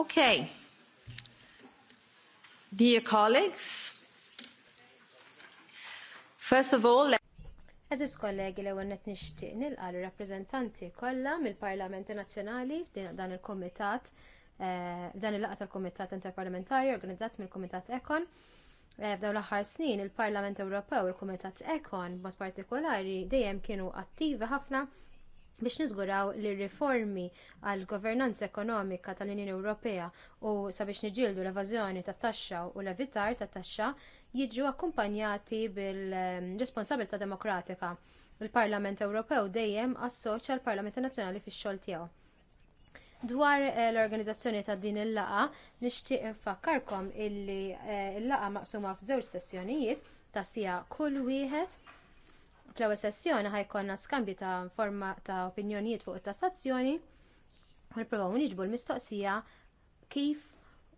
Okay. Dear colleagues, first of all, Eżis kollegi li ewwel nishtiq nixtieq nilqal rappreżentanti kollha mill-Parlamenti Nazzjonali f'dan il-Kumitat eh, f'dan il-laqgħa tal-Kumitat Interparlamentari organizzat mill-Kumitat Ekon. Eh, f'dawn l-aħħar snin il-Parlament Ewropew u l-Kumitat Ekon b'mod partikolari dejjem kienu attivi ħafna biex niżguraw li r riformi għall governanza ekonomika tal-Unjoni Ewropea u sabiex niġildu l-evażjoni tat taxxa u l-evitar tat taxxa jiġu akkumpanjati bil-responsabilità demokratika. Il-Parlament Ewropew dejjem assoċja l-Parlament Nazzjonali fix-xogħol tiegħu. Dwar eh, l-organizzazzjoni ta' din il laqgħa nixtieq infakkarkom illi eh, l laqgħa maqsuma f'żewġ sessjonijiet ta' sija kull wieħed fl-ewwel sessjoni ħajkonna skambju ta' forma ta' opinjonijiet fuq it-tassazzjoni u nippruvaw niġbu l-mistoqsija kif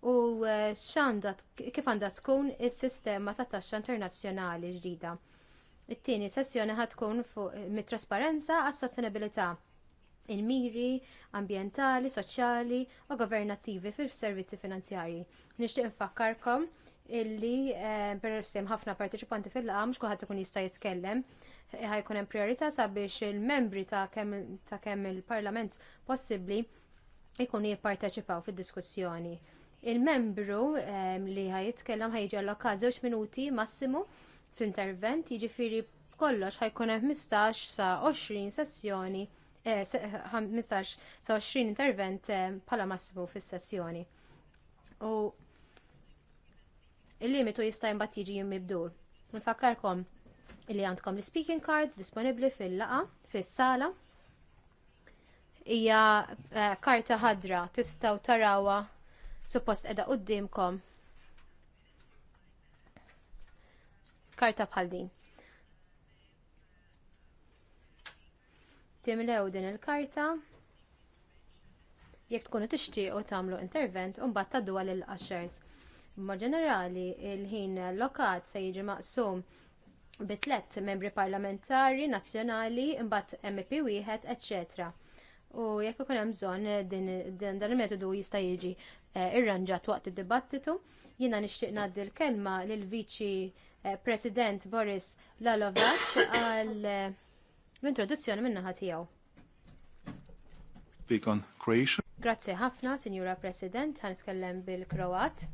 u eh, kif għandha tkun is-sistema tat taxxa internazzjonali ġdida. It-tieni sessjoni ħad tkun fuq eh, mit-trasparenza għas sostenibilità il-miri ambjentali, soċjali u governattivi fil-servizzi finanzjarji. Nixtieq infakkarkom illi eh, per ħafna partiċipanti fil-laqa mhux kulħadd ikun jista' jitkellem ħajkun hemm priorità sabiex il-membri ta' kemm il-Parlament possibbli jkunu jipparteċipaw fid-diskussjoni. Il-membru ehm, li ħajitkellem ħajġi allokat żewġ minuti massimu fl-intervent, jiġifieri kollox ħajkun hemm 15 sa 20 sessjoni 15 eh, sa 20 intervent ehm, bħala massimu fis-sessjoni. U il-limitu jista' imbagħad jiġi jimmibdu. Nfakkarkom illi għandkom l-speaking cards disponibli fil-laqa, fil-sala. Ija eh, karta ħadra, tistaw tarawa suppost edha qoddimkom. Karta bħal din. Timlew din il-karta. Jekk tkunu u tagħmlu intervent u mbagħad tadduha lil ushers Ma ġenerali, il-ħin lokat se jiġi maqsum bi tliet membri parlamentari nazzjonali imbagħad MP wieħed, eċċetera. U jekk ikun hemm bżonn din dan il-metodu jista' jiġi eh, irranġat waqt id-dibattitu. Jiena nixtieq ngħaddi l-kelma lil viċi eh, President Boris Lalovac għal eh, l-introduzzjoni min-naħa tiegħu. Grazzi ħafna, Sinjura President, ħanitkellem bil-Kroat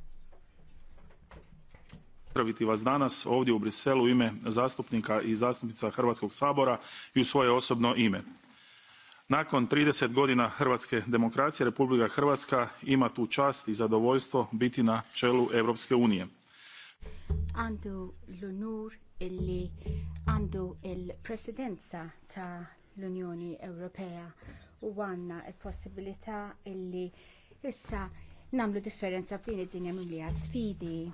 pozdraviti vas danas ovdje u Briselu u ime zastupnika i zastupnica Hrvatskog sabora i u svoje osobno ime. Nakon 30 godina hrvatske demokracije Republika Hrvatska ima tu čast i zadovoljstvo biti na čelu Evropske unije. Andu l ili andu il-presidenza ta' l'Unioni Europea u għanna il possibilita illi issa namlu differenza b'din id-dinja mill sfidi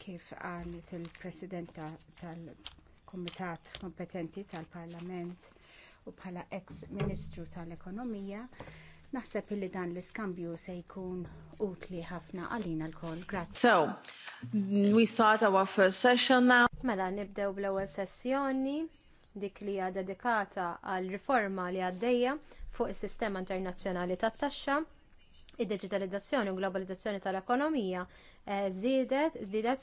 kif qalet il presidenta tal-Komitat kompetenti tal-Parlament u bħala ex-Ministru tal-Ekonomija, naħseb li dan l-iskambju se jkun utli ħafna għalina l-kol. Grazie. So, we start our first session now. Mela nibdew bl-ewwel sessjoni dik li hija dedikata għal riforma li għaddejja fuq is-sistema internazzjonali tat-taxxa id-digitalizzazzjoni u globalizzazzjoni tal-ekonomija żiedet eh, żdiedet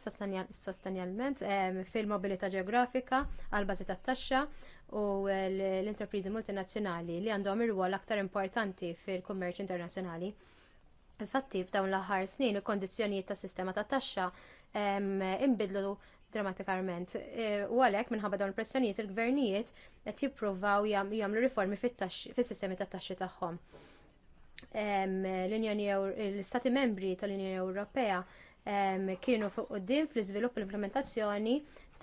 sostanjalment eh, fil-mobilità ġeografika għal bażi tat-taxxa u l-intrapriżi multinazzjonali li għandhom ir-rwol aktar importanti fil-kummerċ internazzjonali. Infatti, f'dawn l-aħħar snin, il-kondizzjonijiet tas-sistema tat-taxxa imbidlu dramatikarment. Eh, u għalhekk minħabba dawn il-pressjonijiet il-gvernijiet qed jippruvaw jagħmlu riformi fis-sistemi tat-taxxi tagħhom l istati stati membri tal-Unjoni Ewropea kienu fuq quddiem fl-iżvilupp u l-implementazzjoni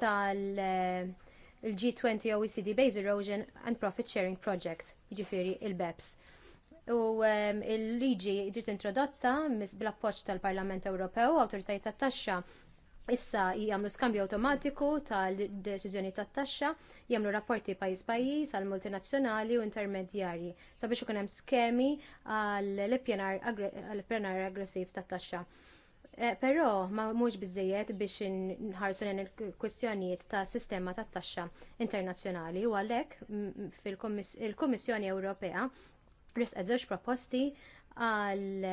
tal-G20 eh, OECD Base Erosion and Profit Sharing Project, ġifiri il-BEPS. U l liġi ġiet introdotta bl-appoġġ tal-Parlament Ewropew, awtoritajiet tat-taxxa Issa jagħmlu skambju awtomatiku tal-deċiżjoni tat-taxxa, jagħmlu rapporti pajjiż pajjiż għal multinazzjonali u intermedjarji sabiex ikun hemm skemi għall-pjanar aggressiv tat-taxxa. Eh, però ma mhux biżejjed biex nħarsu il-kwistjonijiet ta' sistema tat-taxxa internazzjonali u għalhekk mm, fil-Kummissjoni Ewropea risqet żewġ proposti għal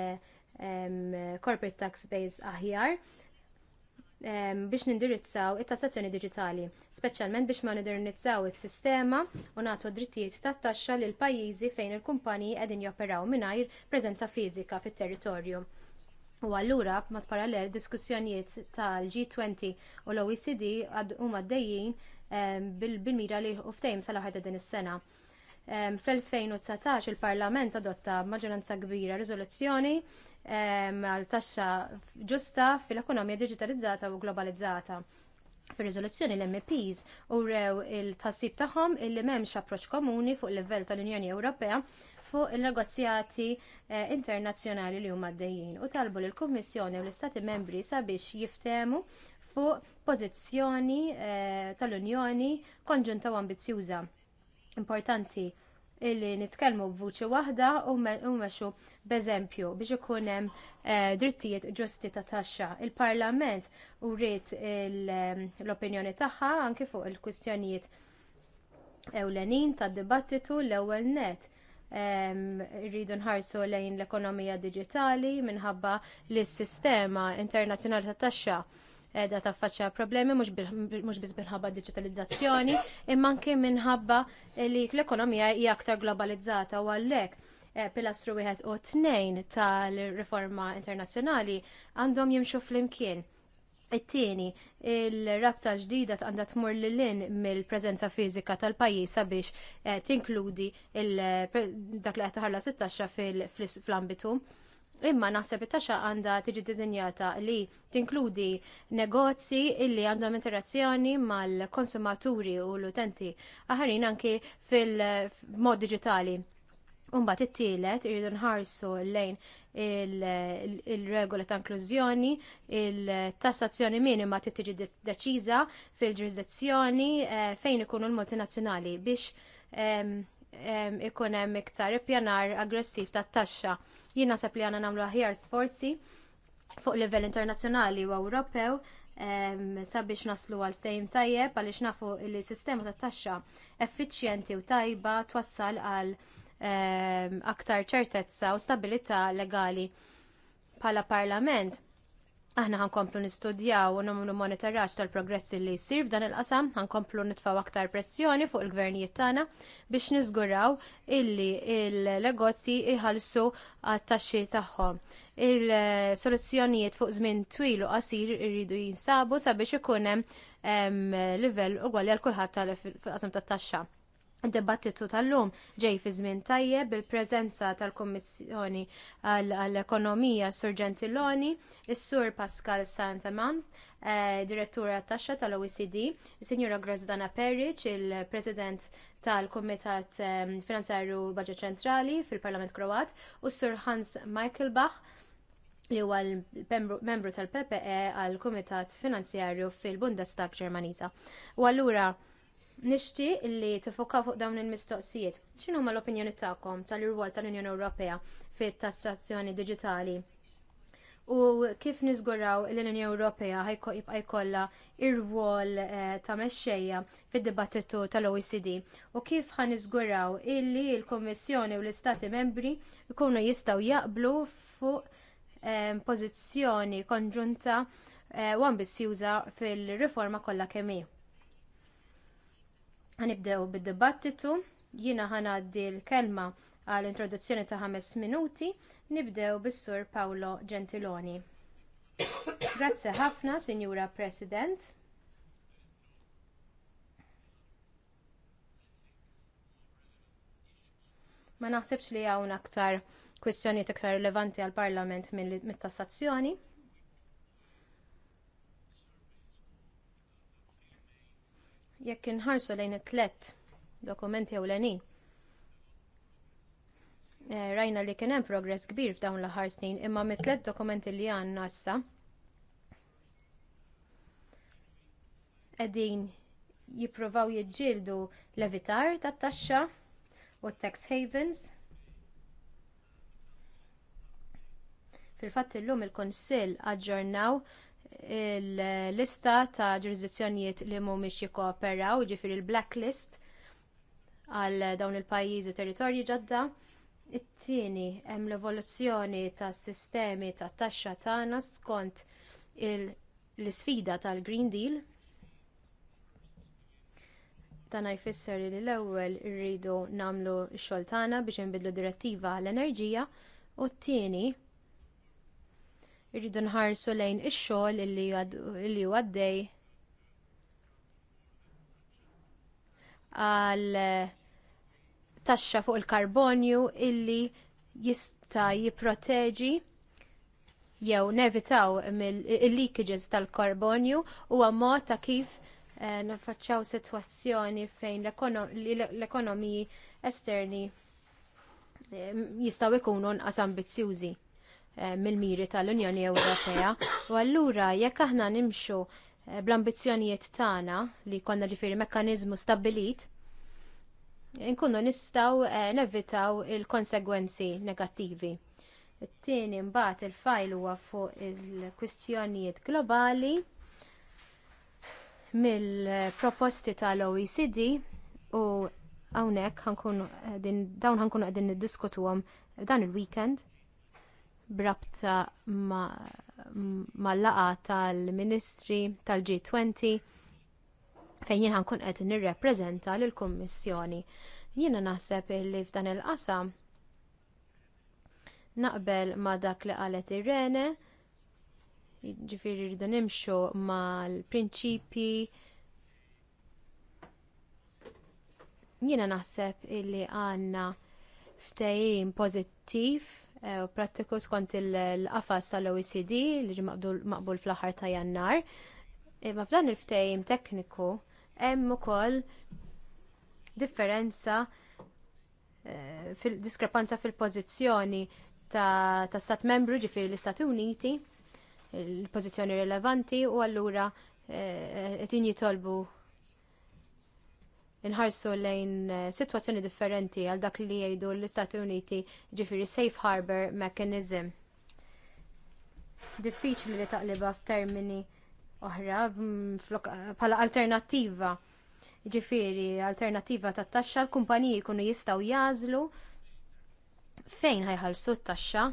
corporate tax base aħjar biex nindirizzaw it-tassazzjoni diġitali, speċjalment biex ma nindirizzaw is-sistema u nagħtu drittijiet tat-taxxa lil pajjiżi fejn il-kumpaniji qegħdin joperaw mingħajr preżenza fiżika fit-territorju. U allura mat parallel diskussjonijiet tal-G20 u l-OECD huma għaddejjin bil-mira li ftehim sal-aħħar din is-sena. Fl-2019 il-Parlament adotta maġġoranza kbira riżoluzzjoni għal taxxa ġusta fil-ekonomija digitalizzata u globalizzata. Fir-riżoluzzjoni l-MPs u rew il-tassib tagħhom illi m'hemmx approċċ komuni fuq il-livell tal-Unjoni Ewropea fuq il-negozjati e, internazzjonali li huma għaddejjin u talbu lill kummissjoni u l-Istati membri sabiex jiftemu fuq pożizzjoni e, tal-Unjoni konġunta u ambizzjuża Importanti illi nitkellmu b'vuċi waħda u meċu b'eżempju biex ikun hemm eh, drittijiet ġusti ta' taxxa. Il-Parlament u rrit eh, l-opinjoni tagħha anki fuq il-kwistjonijiet ewlenin tad dibattitu l-ewwel net. Rridu nħarsu lejn l-ekonomija diġitali minħabba li s-sistema internazzjonali ta' taxxa edha taffaċċja problemi mhux biss minħabba digitalizzazzjoni imma anke minħabba li l-ekonomija hija aktar globalizzata u għalhekk eh, pilastru wieħed u tnejn tal-riforma internazzjonali għandhom jimxu flimkien. It-tieni, il-rabta ġdida għandha tmur lilin mill-preżenza fiżika tal-pajjiż sabiex eh, tinkludi dak li qed taħalla 16 fil-ambitu. Imma naħseb it-taxxa għandha tiġi dizinjata li tinkludi negozji illi għandhom interazzjoni mal-konsumaturi u l-utenti aħarin anki fil-mod digitali. Umba t tielet irridu nħarsu lejn il-regola ta' inklużjoni, il-tassazzjoni minima ti tiġi deċiża fil-ġurisdizzjoni eh, fejn ikunu l-multinazzjonali biex ikun hemm iktar ippjanar aggressiv tat-taxxa. Jien naħseb li għandna nagħmlu aħjar sforzi fuq livell internazzjonali u Ewropew sabiex naslu għal tejm tajjeb għaliex nafu li sistema tat-taxxa effiċjenti u tajba twassal għal aktar ċertezza u stabilità legali bħala parlament Aħna ħankomplu nistudjaw u nomnu monitoraġġ tal-progressi li jsir f'dan il-qasam, ħankomplu nitfaw aktar pressjoni fuq il-gvernijiet tagħna biex niżguraw illi il-negozji jħallsu għat-taxxi tagħhom. Il-soluzzjonijiet fuq żmien twil u qasir iridu jinsabu sabiex ikun hemm livell ugwali għal kulħadd tal-qasam tat-taxxa. Debattitu tal-lum ġej fi żmien tajjeb bil-preżenza tal-Kommissjoni għall-Ekonomija Sur Gentiloni, is-Sur Pascal Santamant, eh, direttura taxxa tal-OECD, is-Sinjura Grozdana Perriċ, il-President tal-Kumitat ehm, Finanzjarju Budget Ċentrali fil-Parlament Kroat, u s-Sur Hans Michaelbach, li huwa membru tal-PPE għall kumitat Finanzjarju fil-Bundestag Ġermaniża. U allura nixti li tifokaw fuq dawn il-mistoqsijiet. X'inhu ma l-opinjoni tagħkom tal-irwol tal-Unjoni Ewropea fit-tassazzjoni diġitali? U kif niżguraw li l-Unjoni Ewropea jibqa' jkollha ir-rwol eh, ta' mexxejja fid-dibattitu tal-OECD u kif ħan niżguraw illi l-Kummissjoni u l-Istati Membri jkunu jistgħu jaqblu fuq eh, pożizzjoni konġunta eh, u ambizzjuża fil-riforma kollha kemm hi ħanibdew bid-dibattitu, jina ħanaddi l-kelma għal introduzzjoni ta' ħames minuti, nibdew bis-sur Paolo Gentiloni. Grazzi ħafna, Sinjura President. Ma naħsibx li hawn aktar kwistjoni iktar rilevanti għall parlament mit-tassazzjoni. Jekk inħarsu lejn it-tlet dokumenti ewlenin. Eh, rajna li kien hemm progress kbir f'dawn l-aħħar snin, imma mit-tlet dokumenti li għandna issa qegħdin jippruvaw jiġġieldu l-evitar tat-taxxa u tax havens. Fil-fatt illum il-Kunsill aġġornaw il-lista ta' ġurisdizzjonijiet li mhumiex jikkooperaw, jiġifieri il-blacklist għal dawn il-pajjiżi u territorji ġodda. It-tieni hemm l-evoluzzjoni tas sistemi tat taxxa tagħna skont l-isfida tal-Green Deal. Dan jfisser li l-ewwel irridu nagħmlu x-xogħol tagħna biex inbidlu direttiva għall enerġija u t-tieni Irridu nħarsu lejn ix-xogħol illi huwa għaddej għal eh, taxxa fuq il-karbonju illi jista' jipproteġi jew nevitaw il leakages tal-karbonju huwa mod ta' kif eh, nafacċaw sitwazzjoni fejn l-ekonomiji esterni eh, jistgħu jkunu nqas ambizzjużi. Eh, mill-miri tal-Unjoni Ewropea. U allura jekk aħna nimxu eh, bl-ambizzjonijiet tagħna li jkollna ġifieri mekkaniżmu stabbilit, nkunu nistgħu eh, nevitaw il-konsegwenzi negattivi. It-tieni mbagħad il-fajl huwa fuq il-kwistjonijiet globali mill-proposti tal-OECD u hawnhekk dawn ħankunu qegħdin niddiskutuhom dan il-weekend brabta mal-laqgħa tal-Ministri tal-G20 fejn jien ħankun qed nirrepreżenta lill kummissjoni Jiena naħseb li f'dan il-qasam naqbel ma dak li qalet ir-rene ġifiri rridu nimxu mal-prinċipji. Jiena naħseb illi għandna ftehim pożittiv Eh, u prattiku skont il-qafas tal-OECD li ġi maqbul fl aħħar ta' jannar. Imma eh, f'dan il-ftejim tekniku hemm ukoll differenza eh, fil diskrepanza fil-pożizzjoni ta' stat membru ġifiri l-Istati Uniti, il-pożizzjoni rilevanti u allura qed jitolbu inħarsu lejn eh, sitwazzjoni differenti għal dak li jgħidu l-Istati Uniti ġifiri Safe Harbor Mechanism. Diffiċli li taqliba f'termini oħra bħala mm, alternattiva ġifiri alternativa tat taxxa l-kumpaniji jkunu jistgħu jażlu fejn jħallsu t-taxxa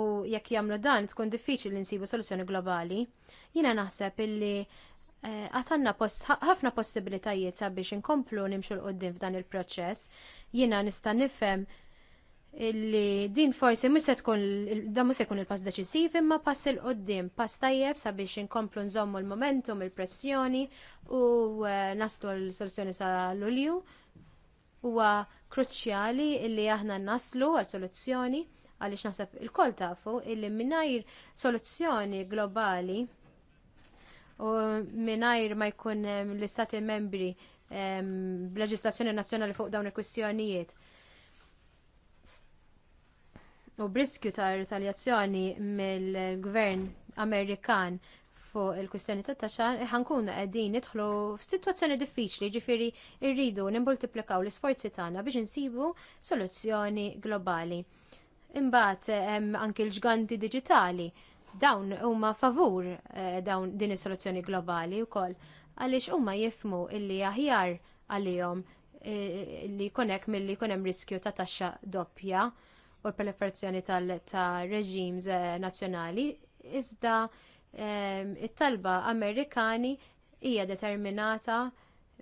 u jekk jagħmlu dan tkun diffiċli nsibu soluzzjoni globali. Jiena naħseb illi eh, għatanna ħafna possibilitajiet sabiex inkomplu nimxu l-qoddim f'dan il-proċess. Jiena nista' nifhem illi din forsi mus se tkun da jkun il-pass deċisiv imma pass il qoddim pass tajjeb sabiex inkomplu nżommu l-momentum, il-pressjoni u eh, naslu l-soluzzjoni sa lulju. Huwa kruċjali illi aħna naslu għal soluzzjoni għaliex naħseb il-kol tafu illi mingħajr soluzzjoni globali u mingħajr ma jkun l-istati membri b'leġislazzjoni nazzjonali fuq dawn il-kwistjonijiet u briskju ta' retaljazzjoni mill-gvern Amerikan fuq il-kwistjoni ta' taxxa eh, ħankun qegħdin nidħlu f'sitwazzjoni diffiċli, ġifiri rridu nimbultiplikaw l-isforzi tagħna biex insibu soluzzjoni globali. Imbagħad hemm anke l-ġganti diġitali. Dawn huma favur eh, dawn din is-soluzzjoni globali wkoll għaliex huma jifmu illi aħjar għalihom eh, li jkunek mill-li hemm riskju ta' taxxa doppja u l-proliferazzjoni ta' reġims eh, nazzjonali, iżda it-talba Amerikani hija determinata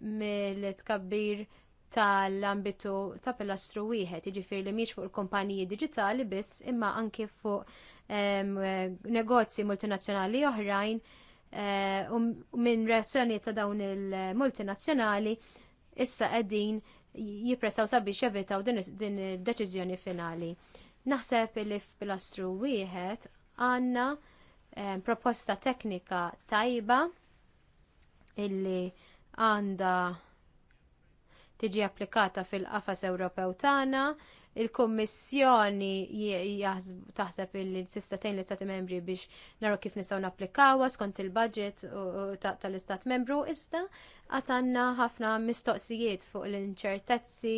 mill-tkabbir tal-ambitu ta' pilastru wieħed, jiġifieri li mhix fuq il-kumpaniji diġitali biss imma anke fuq negozji multinazzjonali oħrajn eh, u minn reazzjonijiet ta' dawn il-multinazzjonali issa qegħdin jippressaw sabiex jevitaw din id-deċiżjoni finali. Naħseb li f'pilastru wieħed għandna proposta teknika tajba illi għandha tiġi applikata fil-qafas Ewropew tagħna, il-Kommissjoni taħseb li sistatejn l-Istati membri biex naraw kif nistgħu napplikawha skont il-budget tal-Istat membru, iżda għatanna ħafna mistoqsijiet fuq l-inċertezzi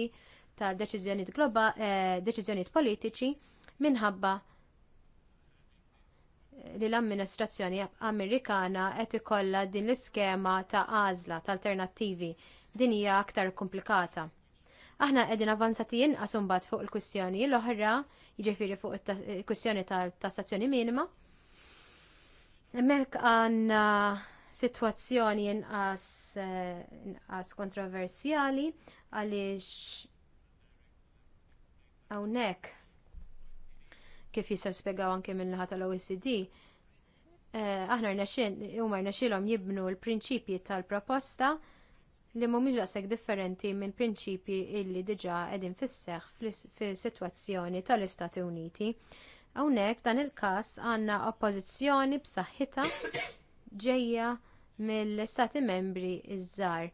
ta' deċiżjonijiet globa, eh, deċiżjonijiet politiċi minħabba li l-amministrazzjoni Amerikana qed ikollha din l-iskema ta' għażla ta' alternattivi din hija aktar komplikata. Aħna qegħdin avanzati inqas imbagħad fuq il-kwistjoni l-oħra, jiġifieri fuq il-kwistjoni tal-tassazzjoni minima. Hemmhekk għandna sitwazzjoni inqas eh, kontroversjali għaliex hawnhekk kif jisar spiegaw anke min naħa tal-OECD, eh, aħna huma rnexxilhom jibnu l-prinċipji tal-proposta li mhumiex daqshekk differenti minn prinċipji illi diġà qegħdin fisseħ fis-sitwazzjoni tal-Istati Uniti. Hawnhekk dan il-każ għandna oppożizzjoni b'saħħitha ġejja mill istati Membri iż-żgħar,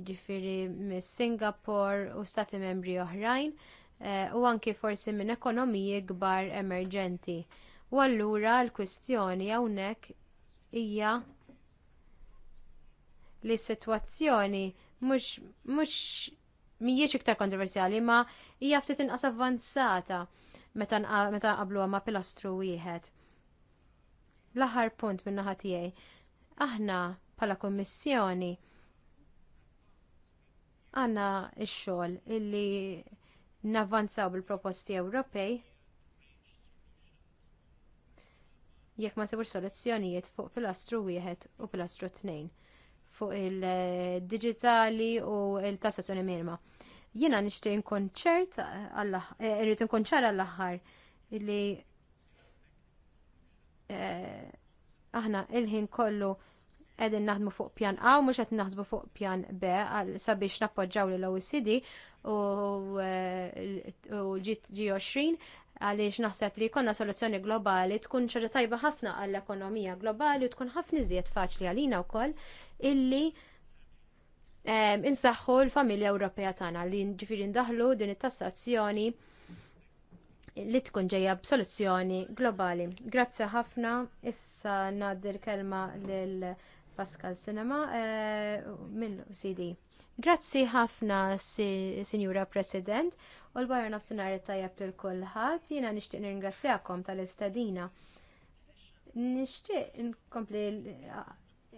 jiġifieri mis-Singapore u Stati Membri oħrajn, eh, u anki forsi minn ekonomiji kbar emerġenti. U allura l-kwistjoni hawnhekk hija li s-sitwazzjoni mhux mhux mhijiex iktar kontroversjali ma hija ftit inqas avvanzata meta nqablu ma' pilastru wieħed. L-aħħar punt minn naħa tiegħi. Aħna bħala Kummissjoni għandna x-xogħol illi navvanzaw bil-proposti Ewropej jekk ma sewx soluzzjonijiet fuq pilastru wieħed u pilastru tnejn fuq il-digitali u il-tassazzjoni mirma. Jiena nixtieq nkun ċert eh, irrid nkun ċar għall-aħħar li eh, aħna il-ħin kollu qegħdin naħdmu fuq pjan A u mhux qed naħsbu fuq pjan B sabiex nappoġġaw lill OECD u eh, G20 għaliex naħseb li jkollna soluzzjoni globali tkun ċaġa tajba ħafna għall-ekonomija globali u tkun ħafna iżjed faċli għalina wkoll illi insaħħu l-familja Ewropea tagħna li ġifieri ndaħlu din it-tassazzjoni li tkun ġejja b'soluzzjoni globali. Grazzi ħafna, issa ngħaddi l-kelma lil Pascal Cinema eh, mill-CD. Grazzi ħafna, Sinjura President, u l-barra nofsinhar tajjeb lil kulħadd jiena nixtieq nirringrazzjakom tal-istadina. Nixtieq nkompli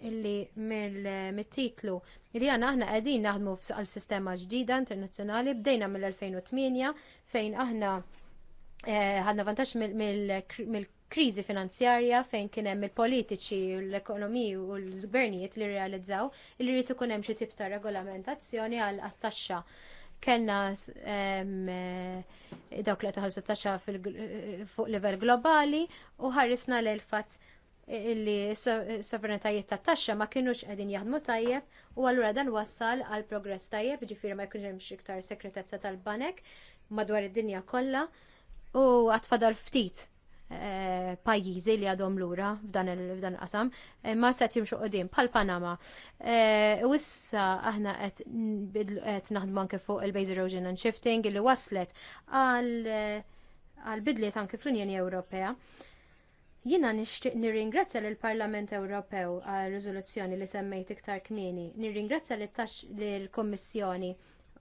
illi mill-titlu li għana aħna qegħdin naħdmu għal sistema ġdida internazzjonali bdejna mill-2008 fejn aħna għadna eh, vantax mill kriżi finanzjarja fejn kien hemm il-politiċi u l-ekonomiji u l-gvernijiet li realizzaw li rrid ikun hemm xi tip ta' regolamentazzjoni għal taxxa kellna eh, dawk li taħalsu taxxa fuq livell globali u ħarisna l fatt li sovranitajiet ta' taxxa ma kienux qegħdin jaħdmu tajjeb u allura dan wassal għal progress tajjeb, ġifieri ma jkunx hemm iktar sekretezza tal-banek madwar id-dinja kollha u għatfadal ftit Eh, pajjiżi li għadhom lura f'dan il-qasam, eh, ma set jimxu qudiem bħal Panama. Eh, u issa aħna qed naħdmu anke fuq il-base erosion and shifting li waslet għal bidliet anke fl-Unjoni Ewropea. Jina nixtieq nirringrazzja lill parlament Ewropew għal riżoluzzjoni li semmejt iktar kmieni. Nirringrazzja lill-Kommissjoni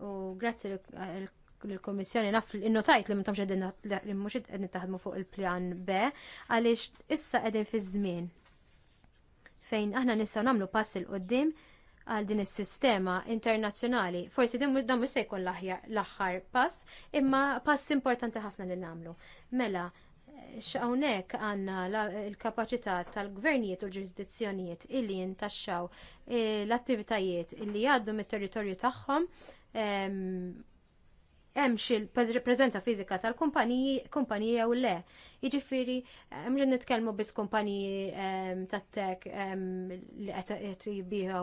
u grazzi l l-Komissjoni naf innotajt li tomx għedin li mhux qed taħdmu fuq il plan B għaliex issa qegħdin fi żmien fejn aħna nistgħu nagħmlu pass il qoddim għal din is-sistema internazzjonali. Forsi din dan mhux se jkun l-aħħar pass, imma pass importanti ħafna li nagħmlu. Mela, x'hawnhekk għandna l-kapaċità tal-gvernijiet u l-ġurisdizzjonijiet illi jintaxxaw eh, l-attivitajiet illi jgħaddu mit-territorju tagħhom ehm, hemm xi preżenza fiżika tal-kumpaniji jew le. Jiġifieri hemm ġin nitkellmu biss kumpaniji ehm, tat-tek ehm, li qed jibbiegħu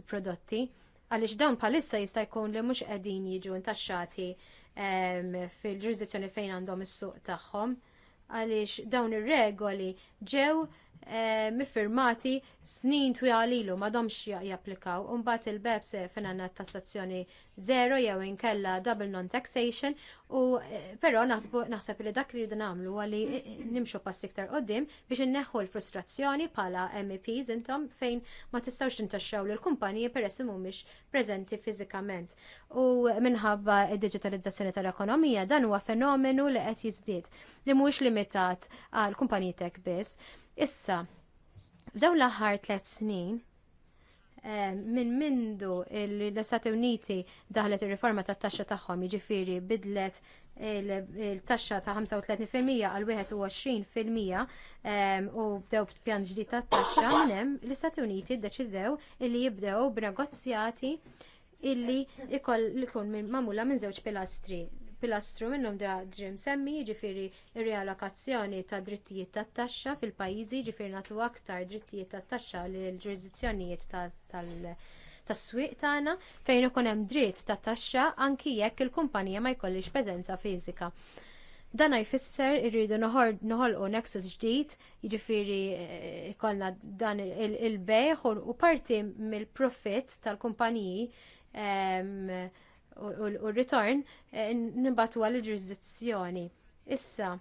l-prodotti għaliex dawn bħalissa jista' jkun li mhux qegħdin jiġu ntaxxati ehm, fil-ġurisdizzjoni fejn għandhom is-suq tagħhom għaliex dawn ir-regoli ġew Eh, miffirmati snin twila ilu madomx japplikaw u mbagħad il-BEPS finanna tassazzjoni zero jew inkella double non-taxation u eh, però naħseb li dak li rridu nagħmlu għalli eh, nimxu pass iktar qoddim biex inneħħu l-frustrazzjoni bħala MEPs intom fejn ma tistgħux tintaxxaw lill kumpaniji peress li mhumiex preżenti fiżikament. U minħabba d-diġitalizzazzjoni tal-ekonomija dan huwa fenomenu li qed jiżdied li mhuwiex limitat għal kumpaniji tek biss Issa, f'dawn l-aħħar tliet snin, eh, minn mindu l-Istati Uniti daħlet ir-riforma tat-taxxa tagħhom, jiġifieri bidlet il-taxxa ta' 35% għal 21% eh, u bdew pjan ġdid tat-taxxa minn hemm l-Istati Uniti ddeċidew illi jibdew b'negozjati illi ikun magħmula minn żewġ pilastri pilastru minnhom da ġim semmi jiġifieri r rialokazzjoni ta' drittijiet tat-taxxa fil-pajjiżi jiġifieri nagħtu aktar drittijiet tat-taxxa lill ġurisdizzjonijiet tas-swieq tagħna fejn ikun hemm dritt ta' taxxa anki jekk il-kumpanija ma jkollix preżenza fiżika. Dan jfisser irridu noħolqu nexus ġdid, jiġifieri jkollna eh, dan il-bejħ u parti mill-profitt tal-kumpaniji ehm, u r-return eh, nibatu għal ġurisdizzjoni. Issa,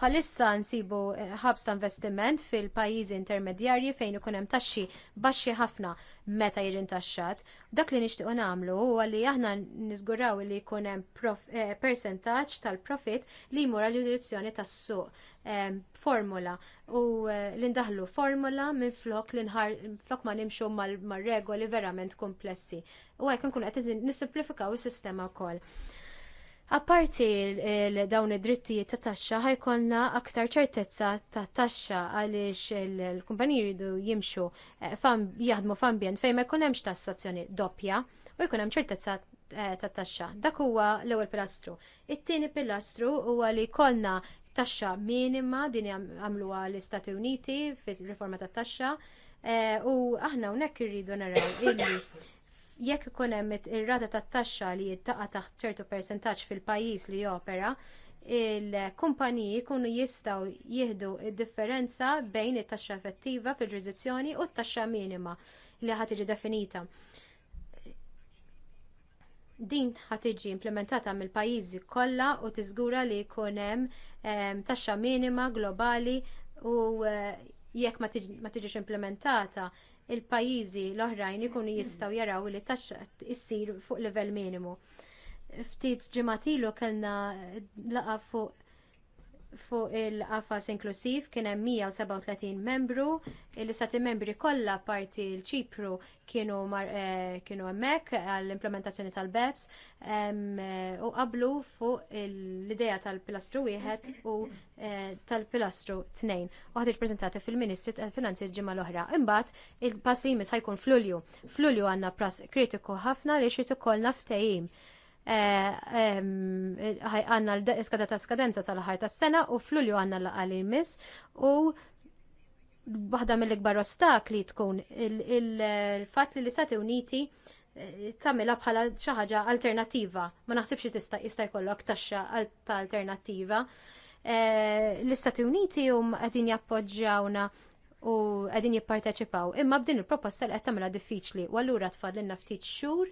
Bħalissa nsibu eh, ħabs ta' investiment fil-pajjiżi intermedjarji fejn ikun hemm taxxi baxxi ħafna meta jiġi ntaxxat. Dak li nixtiequ nagħmlu huwa li aħna niżguraw li jkun hemm eh, persentaġġ tal-profit li jmur għal ġurisdizzjoni tas-suq formula u eh, li ndaħlu formula minn flok li nħar flok ma nimxu mal-regoli verament komplessi. U hekk nkun qed nisimplifikaw is-sistema wkoll. Apparti dawn id-drittijiet ta' taxxa ħajkonna aktar ċertezza ta' taxxa għaliex il-kumpaniji jridu jimxu eh, jaħdmu f'ambjent fejn ma jkunx hemmx tassazzjoni doppja u jkun hemm ċertezza eh, ta' taxxa. Dak huwa l-ewwel pilastru. It-tieni pilastru huwa li jkollna taxxa minima din għamluha l-Istati Uniti fit riforma tat taxxa eh, u aħna hawnhekk irridu naraw illi jekk ikun hemm ir-rata tat-taxxa li jittaqa' taħt ċertu persentaġġ fil-pajjiż li jopera, il-kumpaniji jkunu jistgħu jieħdu d-differenza bejn it-taxxa effettiva fil-ġurisdizzjoni u t-taxxa minima li ħad tiġi definita. Din ħad tiġi implementata mill-pajjiżi kollha u tiżgura li jkun hemm taxxa minima globali u eh, jekk ma tiġix implementata il-pajjiżi l-oħrajn ikunu mm. jistgħu jaraw li taxxa issir fuq livell minimu. Ftit ġimgħat kellna laqa fuq fuq il-qafas inklusiv kien hemm 137 membru, l-istati membri kollha parti l-Ċipru kienu eh, hemmhekk għall-implementazzjoni tal-BEPS eh, u qablu fuq l-idea tal-pilastru wieħed u eh, tal-pilastru tnejn u ħadd ippreżentati fil-Ministri tal-Finanzi ġimgħa l-oħra. Imbagħad il-pass li jmiss ħajkun f'Lulju. F'Lulju għandna prass kritiku ħafna li xiet ukoll. ftehim għanna l-skada ta' skadenza sal-ħar ta' s-sena u f'Lulju għanna l-għal mis u waħda mill-ikbar ostakli tkun il-fat li l-Istati Uniti eh, tamela bħala xi ħaġa alternattiva. Ma naħsibx tista' jista' jkollok taxxa ta' alternattiva. Eh, L-Istati Uniti hum qegħdin jappoġġjawna u qegħdin jipparteċipaw. Imma b'din il-proposta li qed tagħmilha diffiċli u allura tfadlilna ftit xhur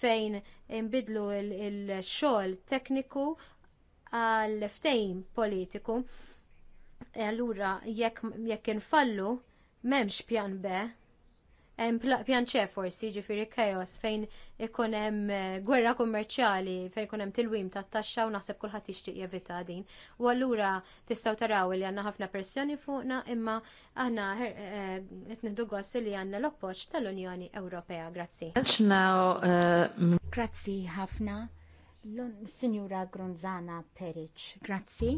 fejn imbidlu il-xogħol tekniku għal ftejn politiku. E allura jekk jekk infallu m'hemmx pjan B pjanċe forsi ġifieri chaos fejn ikun hemm eh, gwerra kummerċjali fejn ikun hemm tilwim tat taxxa u naħseb kulħadd jixtieq jevita din. U allura tistgħu taraw li għandna ħafna pressjoni fuqna imma aħna qed eh, eh, nieħdu gost li għandna l-appoġġ tal-Unjoni Ewropea. Grazzi. Grazzi ħafna. Signora Gronzana Peric, grazzi.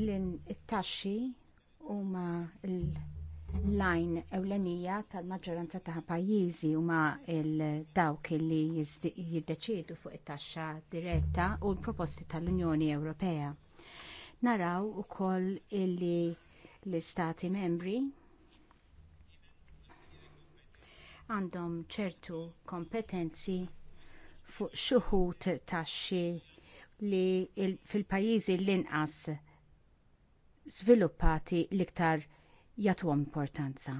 l-taxxi huma l-lajn ewlenija tal-maġġoranza ta' pajjiżi huma dawk li jiddeċiedu fuq it-taxxa diretta u l-proposti tal-Unjoni Ewropea. Naraw ukoll illi l-istati membri għandhom ċertu kompetenzi fuq xuħut taxxi li fil-pajjiżi l-inqas sviluppati l-iktar jagħtuhom importanza.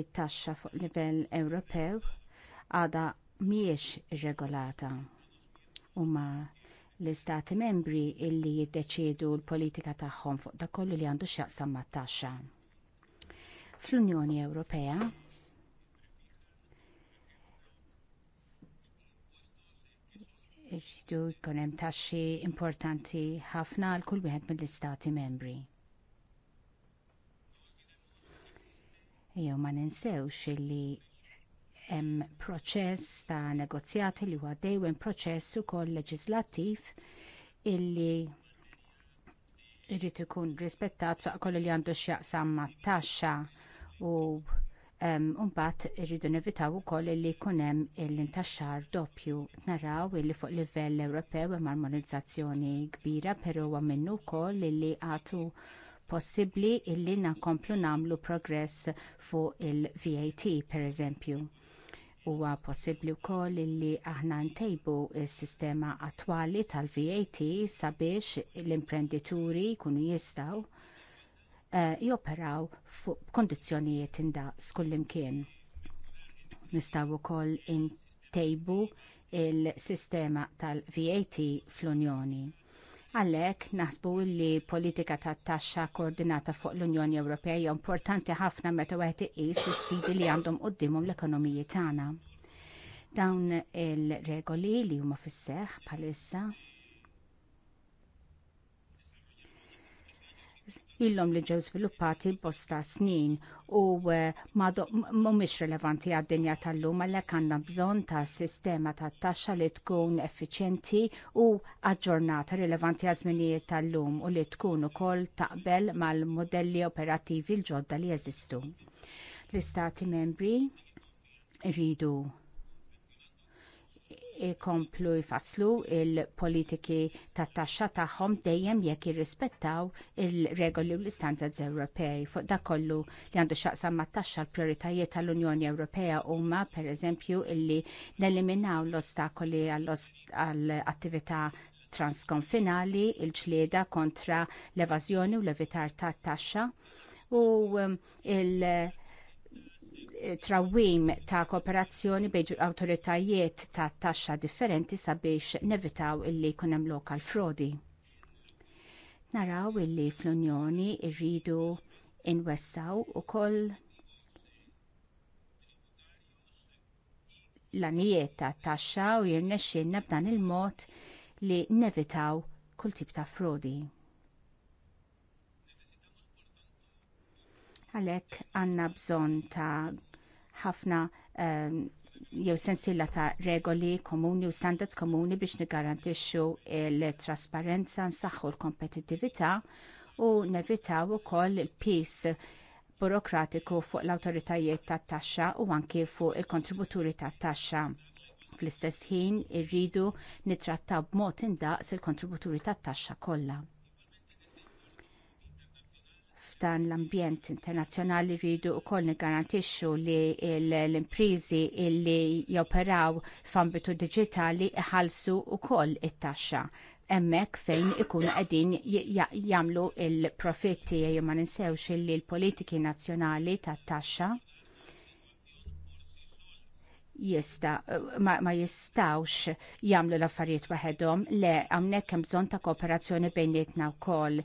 It-taxxa fuq livell Ewropew għadha mhijiex irregolata. Huma l-istati membri illi jiddeċiedu l-politika tagħhom fuq dak kollu li għandu x'jaqsam mat-taxxa. Fl-Unjoni Ewropea irridu jkun hemm taxxi importanti ħafna għal kull wieħed mill-istati membri. Jew ma ninsewx li hemm proċess ta' negozjati li huwa dejjem proċess ukoll leġislattiv illi irrid ikun rispettat faqkoll li għandu x'jaqsam mat-taxxa u Umbat irridu nevitaw ukoll li jkun hemm l-intaxxar doppju. Naraw li fuq livell Ewropew hemm armonizzazzjoni kbira, però huwa minnu wkoll li għatu possibbli illi nkomplu nagħmlu progress fuq il-VAT pereżempju. Huwa possibbli wkoll li aħna ntejbu s sistema attwali tal-VAT sabiex l-imprendituri jkunu jistgħu Eh, joperaw fuq kondizjonijiet indaqs kullimkien. Nistgħu wkoll intejbu il-sistema tal-VAT fl-Unjoni. Għalhekk naħsbu li politika ta' taxxa koordinata fuq l-Unjoni Ewropea hija importanti ħafna meta wieħed iqis l-isfidi li għandhom qudiemhom l-ekonomiji tagħna. Dawn il-regoli li huma fis-seħħ bħalissa Illum li ġew sviluppati bosta snin u eh, mhumiex relevanti għad-dinja tal-lum għalhekk għandna bżonn ta' sistema ta' taxxa li tkun effiċjenti u aġġornata rilevanti għaż żminijiet tal-lum u li tkun ukoll taqbel mal-modelli operattivi l-ġodda li jeżistu. L-istati membri rridu ikomplu jfasslu il-politiki tat taxxa tagħhom dejjem jekk jirrispettaw il-regoli u l-istandards Ewropej. Fuq da kollu li għandu x'aqsam mat-taxxa l-prijoritajiet tal-Unjoni Ewropea huma pereżempju illi neliminaw l-ostakoli għall-attività transkonfinali il-ġlieda kontra l evażjoni u l-evitar tat taxxa u um, il- trawim ta' kooperazzjoni bejn awtoritajiet ta' taxxa differenti sabiex nevitaw illi jkun hemm lokal frodi. Naraw illi fl-Unjoni rridu inwessaw ukoll l-anijiet ta' taxxa u jirnexxinna b'dan il-mod li nevitaw kull tip ta' frodi. Għalhekk għandna bżonn ta' ħafna ehm, jew sensilla ta' regoli komuni u standards komuni biex nigarantixxu il-trasparenza, nsaħħu l-kompetittività u nevitaw ukoll il-pis burokratiku fuq l-awtoritajiet tat-taxxa u anke fuq il-kontributuri tat-taxxa fl-istess ħin irridu nittrattaw b'mod indaqs il-kontributuri tat-taxxa kollha f'dan l-ambjent internazzjonali rridu wkoll niggarantixxu li l-imprizi li joperaw f'ambitu diġitali u wkoll it-taxxa hemmhekk fejn ikunu qegħdin jagħmlu l profitti jew ma ninsewx li l-politiki nazzjonali tat-taxxa jista ma, ma jistawx jagħmlu l-affarijiet waħedhom le hawnhekk hemm bżonn ta' kooperazzjoni bejnietna wkoll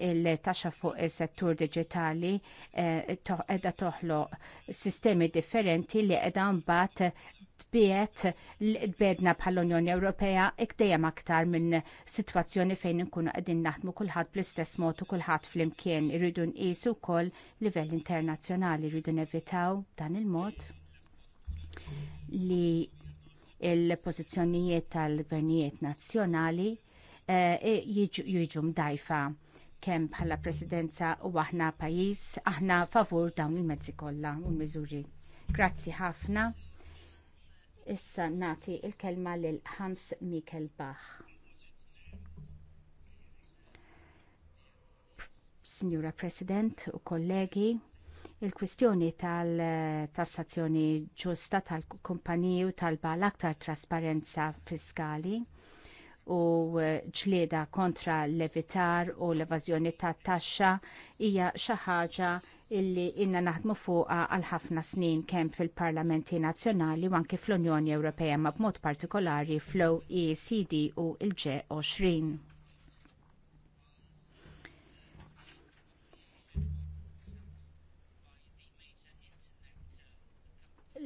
il taxa fuq is settur diġitali qiegħda eh, toħloq sistemi differenti li qiegħda mbagħad tbiet l-bedna bħall-Unjoni Ewropea ikdejjem aktar minn sitwazzjoni fejn inkunu qegħdin naħdmu kulħadd bl-istess mod u kulħadd flimkien iridu nqisu wkoll livell internazzjonali iridu nevitaw dan il-mod li il-pożizzjonijiet tal-gvernijiet nazzjonali eh, jiġu mdajfa kemm bħala presidenza u aħna pajjiż aħna favur dawn il-mezzi kollha u miżuri Grazzi ħafna. Issa nati il-kelma lil Hans Mikel Bach. Signora President u kollegi, il-kwistjoni tal-tassazzjoni ġusta tal-kumpaniju talba l-aktar trasparenza fiskali u eh, ġlieda kontra l-levitar u l-evażjoni ta' taxxa hija xi ħaġa illi inna naħdmu fuqa għal ħafna snin kemm fil-Parlamenti Nazzjonali u anke fl-Unjoni Ewropea ma b'mod partikolari fl-OECD u l g 20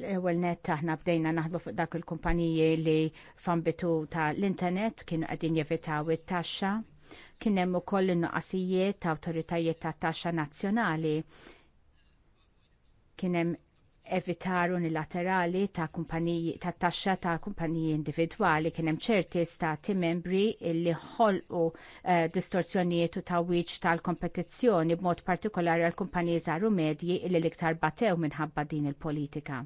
l-ewel net taħna bdejna naħdmu fuq dak il-kumpaniji li fambitu ta' l-internet kienu qegħdin jevitaw it-taxxa. Kien hemm ukoll in-nuqqasijiet ta' awtoritajiet ta' taxxa nazzjonali. Kien hemm evitar unilaterali ta' kumpaniji ta' taxxa ta' kumpaniji individwali kien hemm ċerti stati membri li ħolqu uh, eh, distorzjonijiet u tawwiġ tal-kompetizzjoni b'mod partikolari għal kumpaniji żgħar u medji li l-iktar batew minħabba din il-politika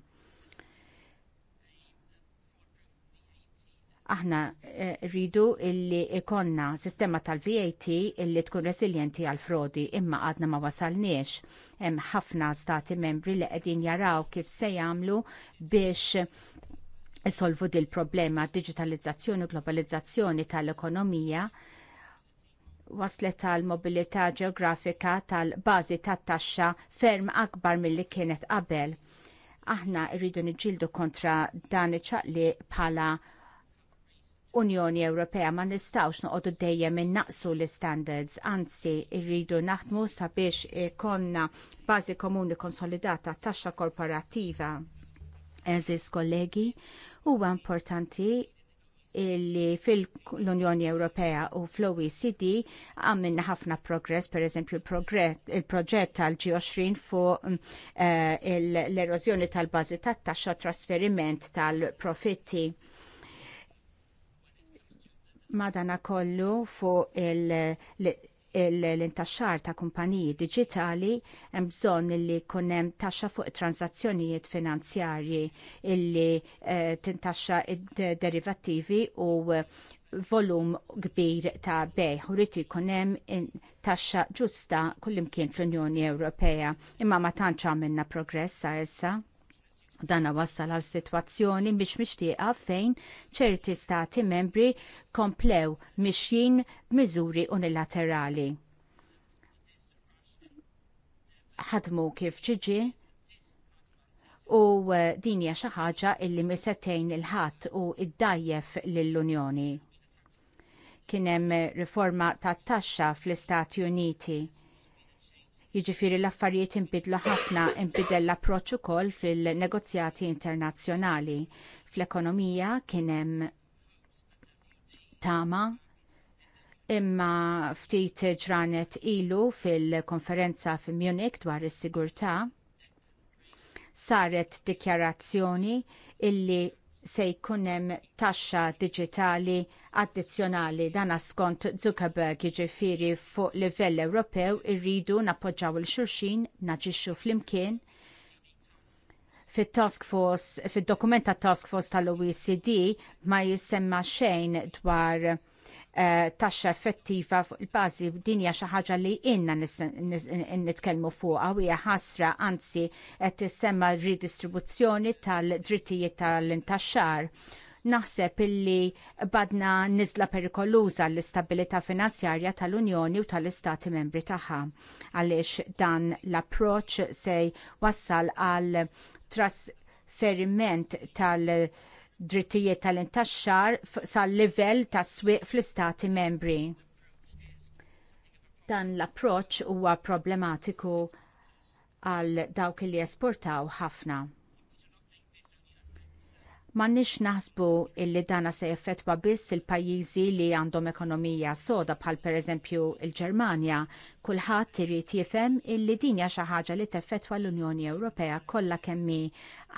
Aħna eh, rridu illi ikonna sistema tal-VAT illi tkun resilienti għal frodi imma għadna ma wasalniex. Hemm ħafna stati membri li qegħdin jaraw kif se jagħmlu biex isolvu dil problema digitalizzazzjoni u globalizzazzjoni tal-ekonomija waslet tal mobilità ġeografika tal-bażi tat-taxxa ferm akbar milli kienet qabel. Aħna rridu niġġieldu kontra dan iċaqli bħala Unjoni Ewropea ma nistawx noqogħdu dejjem innaqsu l-standards, anzi rridu naħdmu sabiex ikonna bażi komuni konsolidata taxxa korporattiva. Eżis kollegi, huwa importanti illi fil-Unjoni Ewropea u fl-OECD għamminna ħafna progress, per eżempju il-proġett tal-G20 fu eh, l-erosjoni tal-bazi tat-taxxa trasferiment tal-profitti madana kollu fuq l-intaxxar ta' kumpaniji digitali hemm bżonn li jkun hemm taxxa fuq transazzjonijiet finanzjarji illi eh, tintaxxa derivattivi u eh, volum kbir ta' bej. u rrid ikun hemm taxxa ġusta kullimkien fl-Unjoni Ewropea imma ma tantx għamilna progress sa issa. Dana wassal għal situazzjoni biex mixtieqa fejn ċerti stati membri komplew mixjin miżuri unilaterali. Ħadmu kif ġiġi u eh, din hija xi ħaġa illi misettejn il-ħadd u iddajjef lill-Unjoni. Kien hemm riforma tat-taxxa fl-Istati Uniti Jiġifieri l-affarijiet inbidlu ħafna inbidel l-approċċ ukoll fil-negozjati internazzjonali. Fl-ekonomija kien hemm tama imma ftit ġranet ilu fil-konferenza fi Munich dwar is-sigurtà saret dikjarazzjoni illi se jkun hemm taxxa diġitali addizzjonali dan skont Zuckerberg jiġifieri fuq livell Ewropew irridu nappoġġaw il xulxin naġixxu flimkien fit-task force, fid-dokument ta' task force tal-OECD ma jisemma xejn dwar Eh, taxxa effettiva fuq il-bażi din hija xi ħaġa li inna nitkellmu fuqha u hija ħasra anzi qed tissemma redistribuzzjoni tal-drittijiet tal-intaxxar naħseb illi badna nizla perikoluża l-istabilità finanzjarja tal-Unjoni u tal-Istati membri tagħha. Għaliex dan l-approċ se wassal għal trasferiment tal- drittijiet tal-intaxxar sal-livell tas-swieq fl-istati membri. Dan l-approċ huwa problematiku għal dawk li esportaw ħafna. M'għandniex naħsbu illi dana se effettwa biss il-pajjiżi li għandhom ekonomija soda bħal pereżempju il-Ġermanja Kulħadd irid jifhem illi din hija xi ħaġa li teffettwa l-Unjoni Ewropea kollha kemm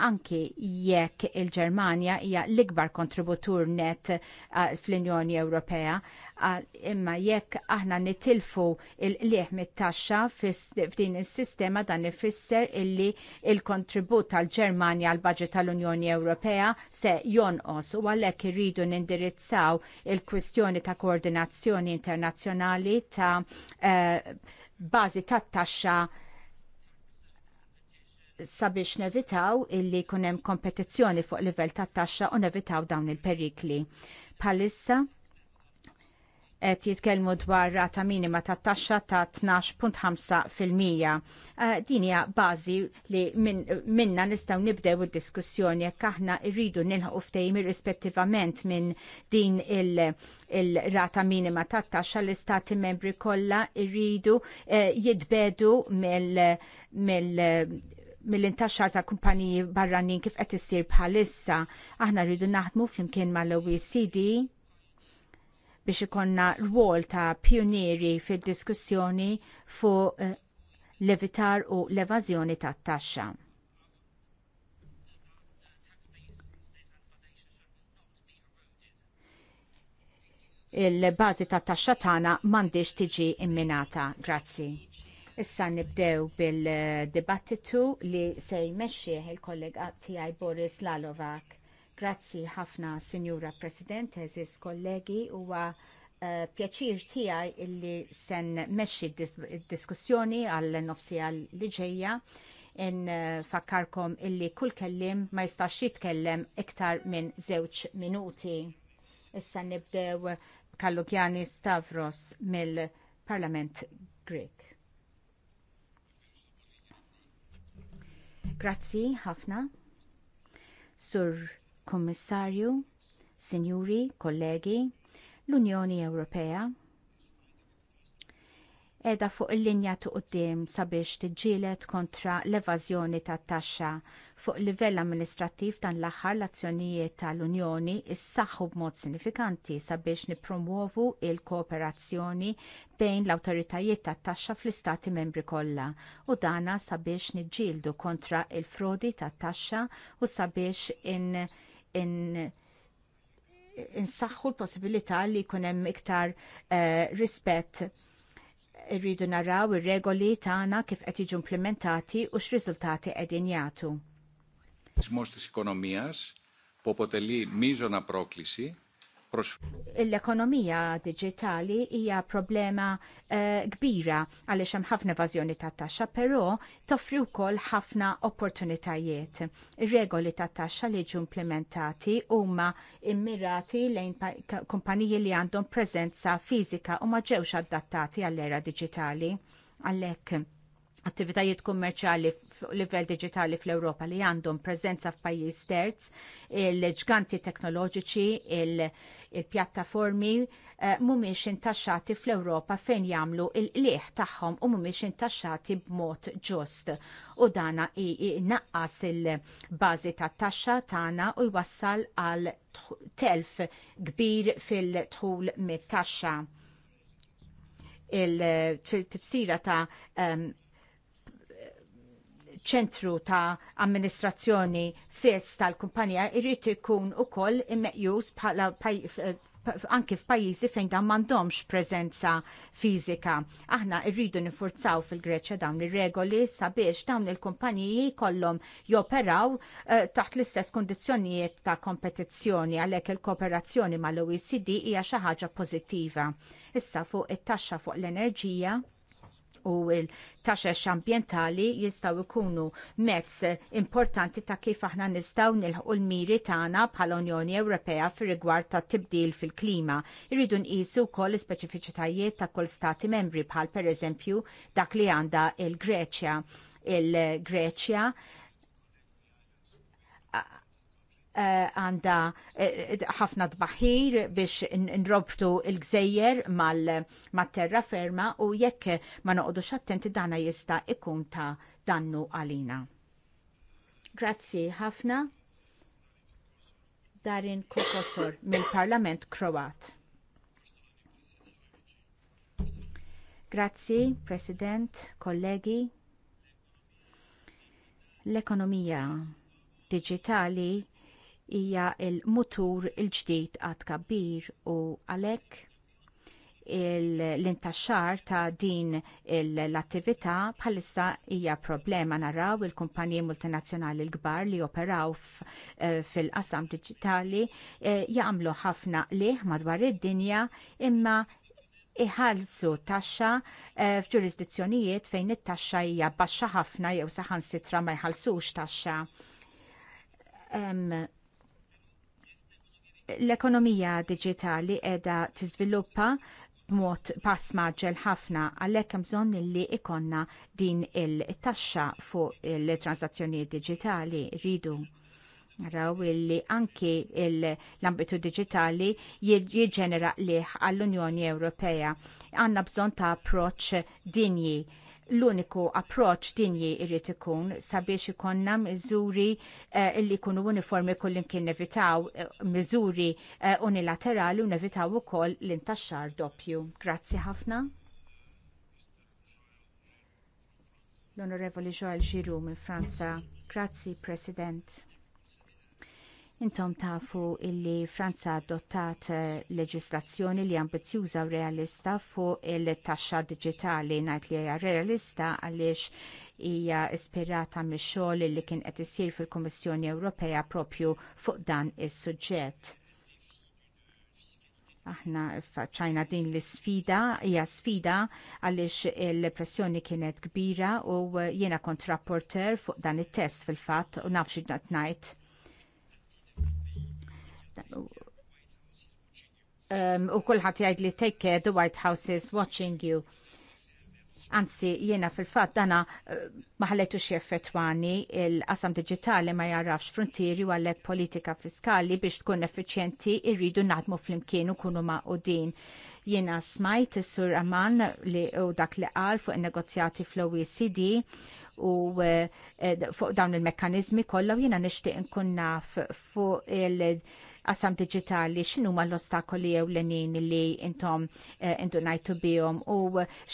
anki jekk il-Ġermanja hija l-ikbar kontributur net uh, fl-Unjoni Ewropea uh, imma jekk aħna nitilfu l-lieħ mit-taxxa f'din is-sistema dan ifisser illi il-kontribut tal-Ġermanja għal budget tal-Unjoni Ewropea se jonqos u għalhekk irridu nindirizzaw il-kwistjoni ta' koordinazzjoni internazzjonali ta' uh, bażi tat-taxxa sabiex nevitaw illi kunem kompetizzjoni fuq livell tat taxxa u nevitaw dawn il-perikli. Palissa qed jitkellmu dwar rata minima ta' taxxa ta' 12.5%. Eh, din hija bażi li min, minna nistgħu nibdew id-diskussjoni jekk aħna rridu nilħu ftehim irrispettivament minn din il-rata il minima ta' taxxa l-istati membri kollha rridu eh, jitbedu mill mil, mill-intaxxar ta' kumpaniji barranin kif qed issir bħalissa. Aħna rridu naħdmu flimkien mal-OECD biex ikonna rwol ta' pionieri fid-diskussjoni fuq eh, levitar u l-evażjoni tat-taxxa. il-bażi tat-taxxa tagħna m'għandix tiġi imminata. Grazzi. Issa nibdew bil-dibattitu li se jmexxih il-kollega tiegħi Boris Lalovak. Grazzi ħafna, Sinjura President, eżis kollegi, huwa uh, pjaċir tiegħi illi sen meċi diskussjoni għal nofsija li ġejja in eh, fakkarkom illi kull kellim ma jistax jitkellem iktar minn żewġ minuti. Issa nibdew Kallogjani Stavros mill-Parlament Greek. Grazzi ħafna. Sur Kommissarju, Sinjuri, Kollegi, l-Unjoni Ewropea edha fuq il-linja tuqdim sabiex tiġġielet kontra l-evażjoni tat taxxa fuq livell amministrattiv dan l-aħħar l-azzjonijiet tal-Unjoni issaħħu b'mod sinifikanti sabiex nippromuovu l kooperazzjoni bejn l-awtoritajiet tat taxxa fl-istati membri kollha u dana sabiex niġġieldu kontra il-frodi tat taxxa u sabiex in in insaħħu l-possibilità li jkun hemm iktar eh, rispett irridu naraw ir-regoli tagħna kif qed jiġu implementati u x'riżultati qegħdin jagħtu. Της tis-ekonomijas popoteli αποτελεί μείζωνα L-ekonomija digitali hija problema eh, kbira għaliex hemm ħafna evażjoni tat-taxxa, però toffri wkoll ħafna opportunitajiet. Ir-regoli tat-taxxa li ġu implementati huma immirati lejn kumpaniji li għandhom preżenza fiżika u ma ġewx adattati għall-era digitali. Għalhekk attivitajiet kummerċali fuq livell digitali fl-Ewropa li għandhom preżenza f'pajjiż terz, il-ġganti teknoloġiċi, il-pjattaformi eh, mhumiex intaxxati fl-Ewropa fejn jagħmlu l-qlieħ tagħhom u mhumiex intaxxati b'mod ġust. U dana naqqas il-bażi tat-taxxa tagħna u jwassal għal telf kbir fil-tħul mit-taxxa il-tifsira ta' um, ċentru ta' amministrazzjoni fis tal-kumpanija irrid ikun ukoll immeqjus bħala anki f'pajjiżi fejn dan m'għandhomx preżenza fiżika. Aħna rridu nifurzaw fil-Greċja dawn ir-regoli sabiex dawn il-kumpaniji kollhom joperaw eh, taħt l-istess kundizzjonijiet ta' kompetizzjoni għalhekk il-kooperazzjoni mal-OECD hija xi ħaġa pożittiva. Issa fuq it-taxxa fuq l-enerġija u il taxex ambjentali jistgħu jkunu mezz importanti ta' kif aħna nistgħu nilħqu l-miri tagħna bħala Unjoni Ewropea fir-rigward ta' tibdil fil-klima. Irridu nqisu wkoll ispeċifiċitajiet ta' kull stati membri bħal pereżempju dak li għandha il-Greċja. Il-Greċja il greċja il greċja Eh, għanda eh, ħafna tbaħir biex nrobtu il-gżejjer mal-terra ferma u jekk ma noqdu attenti dana jista ikun ta' dannu għalina. Grazzi ħafna. Darin Kokosor mill-Parlament Kroat. Grazzi, President, kollegi. L-ekonomija digitali hija il-mutur il-ġdid għad kabbir u għalhekk l-intaxxar ta' din l-attività bħalissa hija problema naraw il-kumpaniji multinazzjonali l-kbar li operaw eh, fil-qasam digitali eh, jagħmlu ħafna liħ madwar id-dinja imma iħallsu taxxa eh, f'ġurisdizzjonijiet fejn it-taxxa hija baxxa ħafna jew saħansitra ma jħallsux taxxa l-ekonomija digitali qiegħda tiżviluppa b'mod pass maġġel ħafna għalhekk hemm bżonn li ikonna din il-taxxa fuq il-transazzjonijiet digitali rridu naraw illi anki l-ambitu digitali jiġġenera liħ għall-Unjoni Ewropea. Għanna bżonn ta' approċċ dinji l-uniku approċ dinji irrit ikun sabiex ikonna miżuri eh, illi li jkunu uniformi kullimkien nevitaw eh, miżuri eh, unilaterali u nevitaw ukoll l-intaxxar doppju. Grazzi ħafna. L-Onorevoli Joel Giroux minn Franza. Grazzi, President. Intom tafu illi Franza adottat eh, leġislazzjoni li ambizjuża u realista fuq il-taxxa digitali ngħid li hija realista għaliex hija ispirata mix-xogħol li kien qed isir fil-Kummissjoni Ewropea propju fuq dan is-suġġett. Aħna faċċajna din l-sfida, hija sfida għaliex il-pressjoni kienet kbira u jiena kont rapporter fuq dan it-test fil-fatt u nafx ngħid um, u kullħat jgħid li take care the White House is watching you. Anzi, jiena fil-fat dana uh, maħalletu xieffetwani il-qasam digitali ma jarrafx frontieri u għallek politika fiskali biex tkun effiċjenti irridu naħdmu fl-imkien u kunu ma' u din. Jiena smajt sur Aman li u dak li qal fuq il-negozjati fl-OECD u uh, uh, fuq dawn il-mekkanizmi kollha jiena nixtieq nkun naf fuq il- qasam digitali xinu ma l-ostakoli l-enin li intom eh, najtu bijom u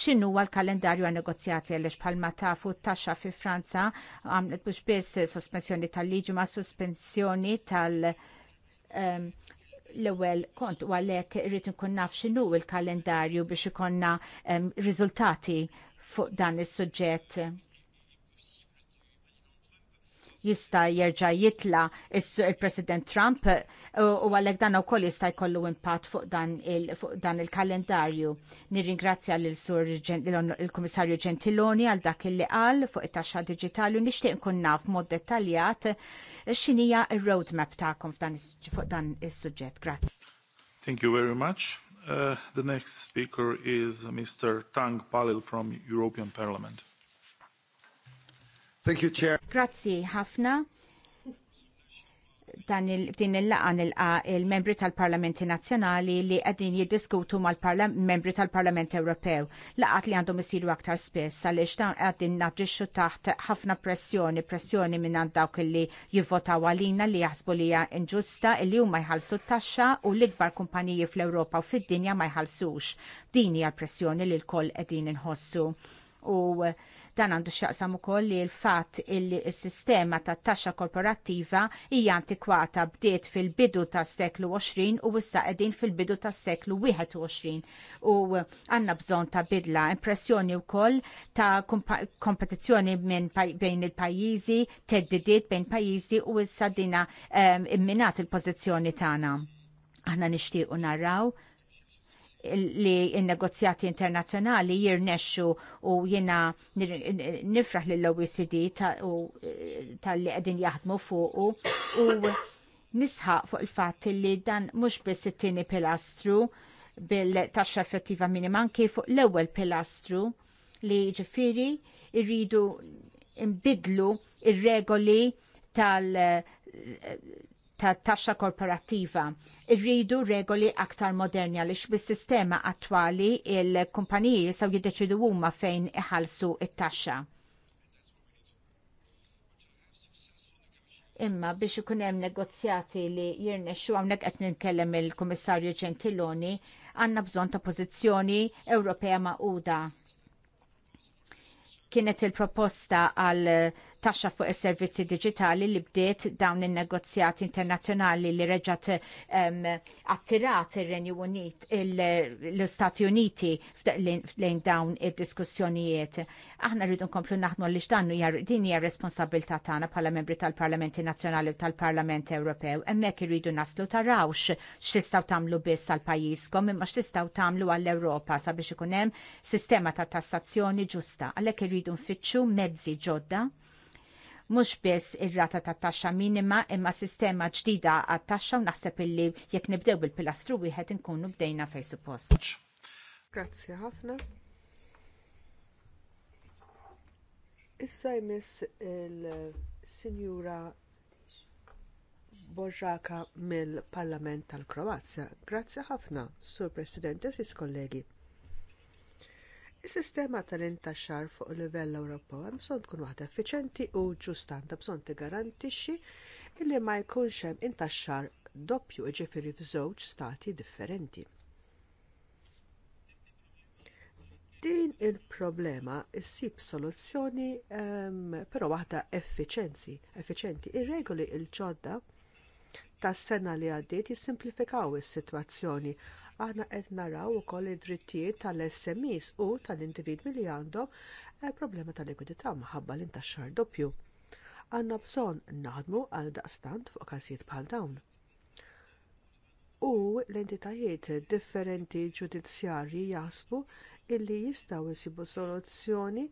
xinu l-kalendarju għan negozjati għaliex bħalma tafu t-taxxa fi Franza għamlet bux biss sospensjoni tal-liġi ma' sospensjoni tal- um, l-ewwel kont u għalhekk irrid inkun naf x'inhu l-kalendarju biex ikonna um, riżultati fuq dan is-suġġett jista jerġa' jitla il-President Trump u għalhekk dan ukoll jista' jkollu impatt fuq dan il-kalendarju. Nirringrazzja l sur il-Kummissarju Gentiloni għal dak li għal fuq it-taxxa Digitali, u nixtieq nkun naf mod dettaljat x'inhija r-roadmap tagħkom fuq dan is-suġġett. Grazzi. Thank you very much. Uh, the next speaker is Mr. Tang Palil from European Parliament. Thank you, Chair. Grazzi ħafna dan il din il-laqa nil-qa il-membri tal-Parlamenti Nazzjonali li qegħdin jiddiskutu mal-membri tal-Parlament Ewropew. Laqat li għandhom isiru aktar spess għaliex dan qegħdin naġixxu taħt ħafna pressjoni, pressjoni minn għand dawk li jivvotaw għalina li jaħsbu li hija inġusta li huma jħallsu t-taxxa u l-ikbar kumpaniji fl-Ewropa u fid-dinja ma jħallsux. Din hija l-pressjoni li l-koll qegħdin inħossu. U Dan għandu xaqsam ukoll li l-fatt illi s-sistema tat taxxa korporattiva hija antikwata bdiet fil-bidu tas seklu 20 u wissa qegħdin fil-bidu tas seklu 21 u għandna bżonn ta' bidla impressjoni wkoll ta' kompetizzjoni bejn il-pajjiżi, teddidiet bejn pajjiżi u wissa dina ehm, imminat il-pożizzjoni tagħna. Aħna nixtiequ narraw li il-negozjati internazzjonali jirnexxu u jiena nifraħ lill-OECD tal-li qegħdin jaħdmu fuq u nisħaq fuq il fat li dan mhux biss it-tieni pilastru bil-taxxa effettiva minima anki fuq l-ewwel pilastru li ġifiri irridu imbidlu ir-regoli tal- ta' taxxa korporattiva. Irridu regoli aktar moderni għaliex bis-sistema attwali il-kumpaniji jistgħu jiddeċidu huma fejn iħallsu it-taxxa. Imma biex ikun hemm negozjati li jirnexxu hawnhekk qed nitkellem il-Kummissarju Gentiloni għandna bżonn ta' pożizzjoni Ewropea Magħquda. kienet il-proposta għal taxxa fuq is-servizzi diġitali li bdiet dawn in-negozjati internazzjonali li reġgħet um, attirat ir-Renju Unit l-Istati Uniti lejn dawn id-diskussjonijiet. Aħna rridu nkomplu naħdmu li x'dannu din hija responsabilità tagħna bħala membri tal-Parlamenti Nazzjonali u tal-Parlament Ewropew. Hemmhekk irridu naslu tarawx x'tistgħu tagħmlu biss għal pajjiżkom imma x'tistgħu tagħmlu għall-Ewropa sabiex ikun hemm sistema ta' tassazzjoni ġusta. Għalhekk irridu nfittxu mezzi ġodda mhux biss ir-rata ta' taxxa minima imma sistema ġdida għat taxxa u naħseb illi jekk nibdew bil-pilastru wieħed inkunu bdejna fej suppost. Grazzi ħafna. Issa jmiss il-Sinjura Borġaka mill-Parlament tal-Kroazja. Grazzi ħafna, Sur President, eżis kollegi. Is-sistema tal-intaxxar fuq livell Ewropew hemm bżonn tkun waħda effiċjenti u ġustanta bżonn tigarantixxi illi ma jkunx hemm intaxxar doppju jiġifieri f'żewġ stati differenti. Din il-problema ssib soluzzjoni um, però waħda effiċenzi, effiċenti. Ir-regoli l ġodda tas sena li għaddiet jissimplifikaw is-sitwazzjoni Aħna qed naraw ukoll id-drittijiet tal-SMEs u tal-individwi li għandhom eh, problema ta' likwidità minħabba l-intaxxar doppju. Għandna bżonn naħdmu għal daqstant fuq każijiet bħal dawn. U l-entitajiet differenti ġudizzjarji jaħsbu illi jistgħu jsibu soluzzjoni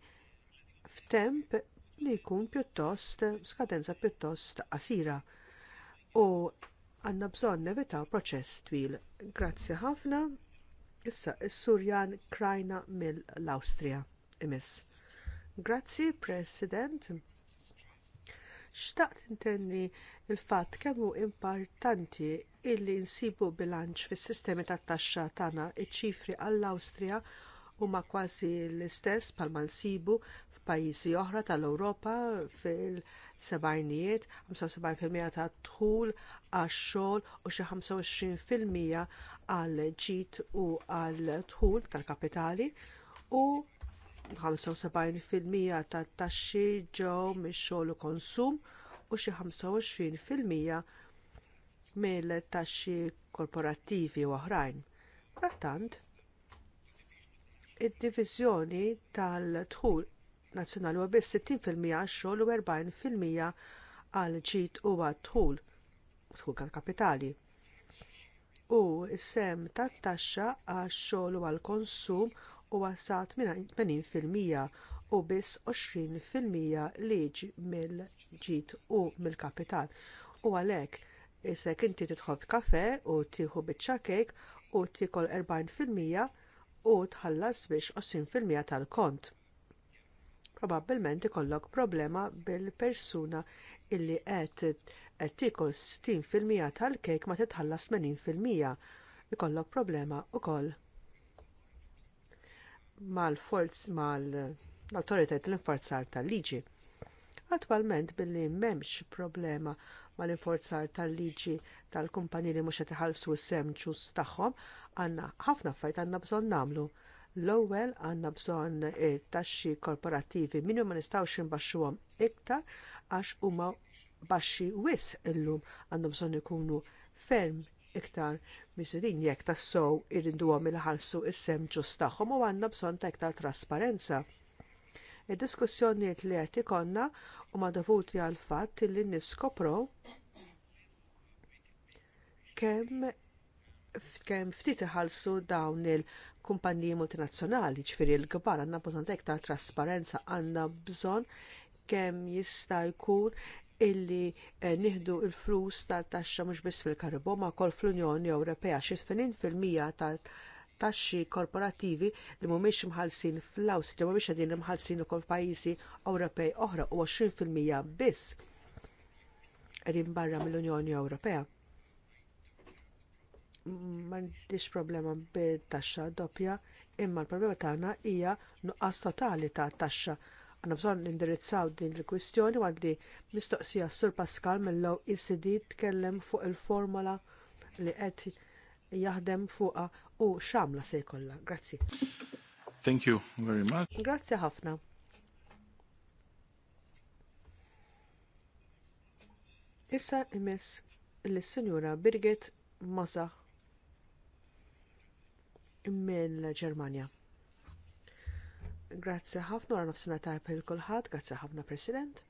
f'temp li jkun pjuttost skadenza pjuttost qasira. U għanna bżonn nevitaw proċess twil. Grazzi ħafna. Issa is-Surjan Krajna mill-Awstrija imiss. Grazzi, President. Xtaqt intenni l fatt kemm hu importanti illi nsibu bilanċ fis-sistemi tat-taxxa tagħna iċ-ċifri għall-Awstrija huma kważi l-istess bħalma nsibu f'pajjiżi oħra tal-Ewropa fil- sebajnijiet, 75% ta' dħul għax-xogħol u xi 25% għal ġid u għal dħul tal-kapitali u 75% tat taxxi ġew mix-xogħol u konsum u xi 25% mill-taxxi korporattivi u oħrajn. Frattant, id-diviżjoni tal-dħul nazzjonali huwa biss 60% għax-xogħol u 40% għal ġid huwa għad-dħul, dħul kapitali. U s-sem tat-taxxa għax-xogħol u għall-konsum huwa sa 80% u biss 20% li mill-ġid u mill-kapital. U għalhekk isek inti tidħol f'kafè u tieħu biċċa kejk u tikol 40% u tħallas biex 20% tal-kont probabbilment ikollok problema bil-persuna illi qed qed fil 60% tal-kejk ma titħallas 80%. Ikollok problema wkoll mal-forz mal-autoritet l-inforzar tal-liġi. Attualment billi m'hemmx problema mal-inforzar tal-liġi tal-kumpanji li mhux qed iħallsu s-sem ġus tagħhom, għandna ħafna affarijiet għandna bżonn nagħmlu L-ewwel għandna bżonn taxxi korporattivi minnu ma nistgħux imbaxxuhom iktar għax huma baxxi wis illum għandhom bżonn ikunu ferm iktar misurin jekk tassow irrinduhom il-ħalsu is-sem ġust tagħhom u għandna bżonn ta' iktar trasparenza. Id-diskussjonijiet li qed ikollna huma dovuti għal fatt li niskopro kemm kemm ftit iħallsu dawn il kumpaniji multinazzjonali, ċifiri l-gbar, għandna bżonn ta' trasparenza, għandna bżonn kemm jista' jkun illi eh, nieħdu l il flus tal-taxxa mhux biss fil-karbon ma' kol fl-Unjoni Ewropea xi fil-mija tal-taxxi korporattivi li mhumiex mħallsin fl-Awstrija mhumiex qegħdin imħallsin ukoll pajjiżi Ewropej oħra u 20% biss qegħdin barra mill-Unjoni Ewropea m'għandix problema bit-taxxa doppja, imma l-problema tagħna hija nuqqas totali ta' taxxa. Għandna bżonn nindirizzaw din il-kwistjoni u mistoqsija Sur Pascal mill-law ECD tkellem fuq il-formola li qed jaħdem fuqha u x'għamla se jkollha. Grazzi. Thank you very much. Grazzi ħafna. Issa imess l-Sinjura Birgit Mosach minn Ġermanja. Grazzi ħafna għal nofsina ta' il kulħadd, grazzi ħafna President.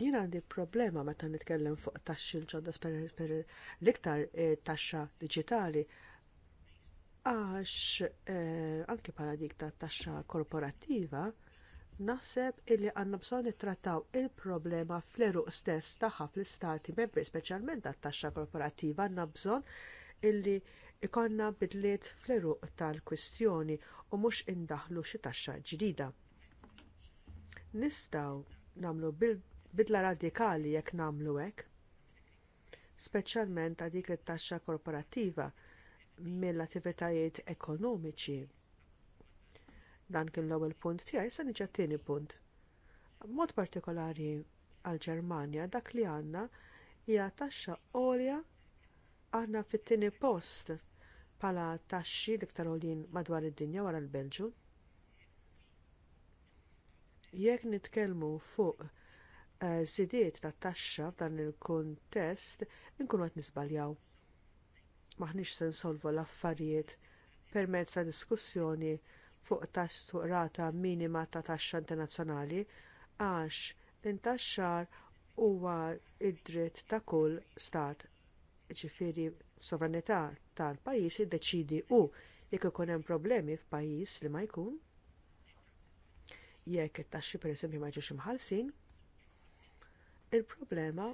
Jien għandi problema meta nitkellem fuq taxxi l-ġodda per l-iktar eh, taxxa diġitali għax eh, anke bħala dik ta' taxxa korporattiva Naħseb illi għandna bżonn nittrattaw il-problema fl-eruq stess tagħha fl-istati membri, speċjalment tat-taxxa korporattiva, għandna bżonn illi ikonna bidliet fl-eruq tal-kwistjoni u mhux indaħlu xi taxxa ġdida. Nistgħu nagħmlu bidla radikali jekk nagħmlu hekk, speċjalment għal dik it-taxxa korporattiva mill-attivitajiet ekonomiċi Dan kien l-ewwel punt tiegħi se niġi t-tieni punt. B'mod partikolari għall-Ġermanja dak li għandna hija taxxa għolja aħna fit-tieni post bħala taxxi l-iktar għoljin madwar id-dinja wara l-Belġu. Jekk nitkellmu fuq zidiet eh, tat taxxa f'dan il-kuntest, inkunu qed nisbaljaw. Maħniex se nsolvu l-affarijiet permezz ta' diskussjoni fuq tas fuq rata minima ta' taxxa internazzjonali għax l-intaxxar huwa id-dritt ta' kull stat ġifiri sovranità tal-pajjiż iddeċidi hu jekk ikun hemm problemi f'pajjiż li ma jkun jekk it-taxxi pereżempju ma jiġux imħallsin, il-problema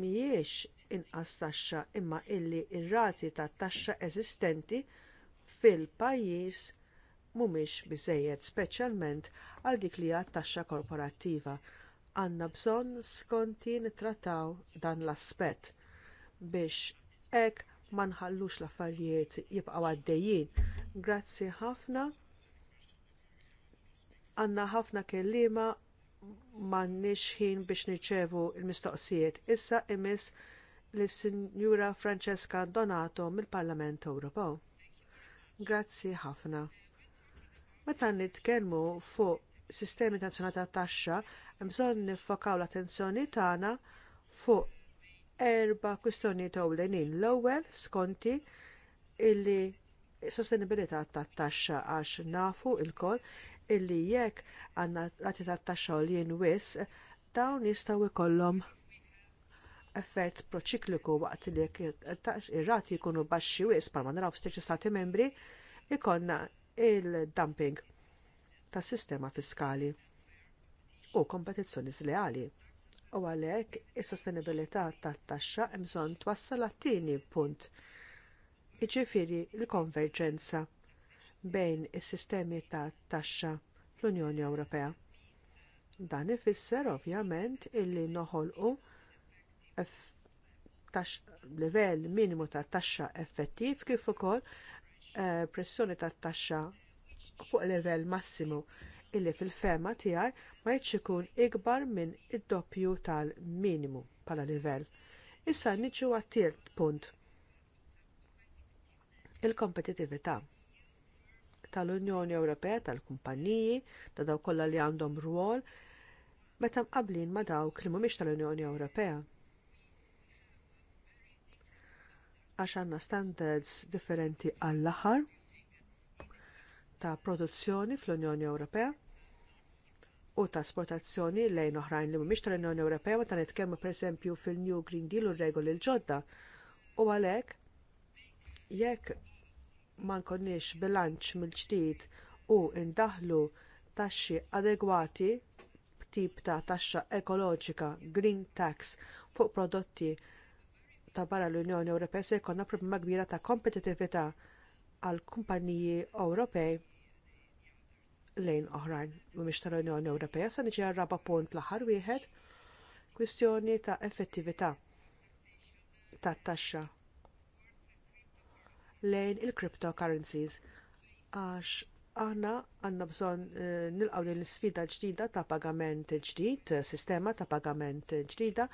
mhijiex inqas taxxa imma illi r rati tat taxxa eżistenti fil-pajjiż mhumiex biżżejjed speċjalment għal dik li għat taxxa korporattiva. Għandna bżonn skonti nittrattaw dan l-aspett biex hekk ma nħallux l-affarijiet jibqgħu għaddejjin. Grazzi ħafna. Għandna ħafna kelliema m'għandniex ħin biex nirċevu l mistoqsijiet Issa imiss lis sinjura Francesca Donato mill-Parlament Ewropew. Grazzi ħafna. Meta nitkellmu fuq sistemi nazzjonali ta' taxxa, hemm bżonn niffokaw l-attenzjoni tagħna fuq erba' kwistjonijiet ewlenin. L-ewwel skonti illi sostenibilità tat-taxxa għax nafu lkoll illi jekk għandna rati tat-taxxa u wisq dawn jistgħu jkollhom effett proċikliku waqt li ir-rati jkunu baxxi wis palma naraw f'stiċi stati membri ikonna il-dumping tas sistema fiskali u kompetizzjoni sleali. U għalhekk is-sostenibilità tat-taxxa hemm bżonn twassal għat-tieni punt. Jiġifieri l-konverġenza bejn is-sistemi tat-taxxa fl-Unjoni Ewropea. Dan ifisser ovvjament illi noħolqu livell minimu ta' taxxa effettiv kif ukoll eh, pressjoni ta' taxxa fuq livell massimu illi fil-fema tiegħi ma jitx ikun ikbar minn id-doppju tal-minimu bħala livell. Issa niġu għat-tiert punt. Il-kompetitività tal-Unjoni Ewropea tal-kumpaniji ta' dawk kollha li għandhom rwol meta mqablin ma' dawk li mhumiex tal-Unjoni Ewropea għax għandna standards differenti għall-aħħar ta' produzzjoni fl-Unjoni Ewropea u ta' esportazzjoni lejn oħrajn li mhumiex tal-Unjoni Ewropea meta nitkellmu pereżempju fil-New Green Deal u regoli l-ġodda. U għalhekk jekk ma nkunniex bilanċ mill-ġdid u ndaħlu taxxi adegwati b'tip ta' taxxa ekoloġika green tax fuq prodotti ta' barra l-Unjoni Ewropea se jkollna problema kbira ta' kompetitività għal kumpaniji Ewropej lejn oħrajn mhumiex tal-Unjoni Ewropea se niġi raba punt l-aħħar wieħed kwistjoni ta' effettività tat taxxa lejn il-cryptocurrencies għax aħna għandna bżonn eh, nilqgħu din l ġdida ta' pagament ġdid, sistema ta' pagament ġdida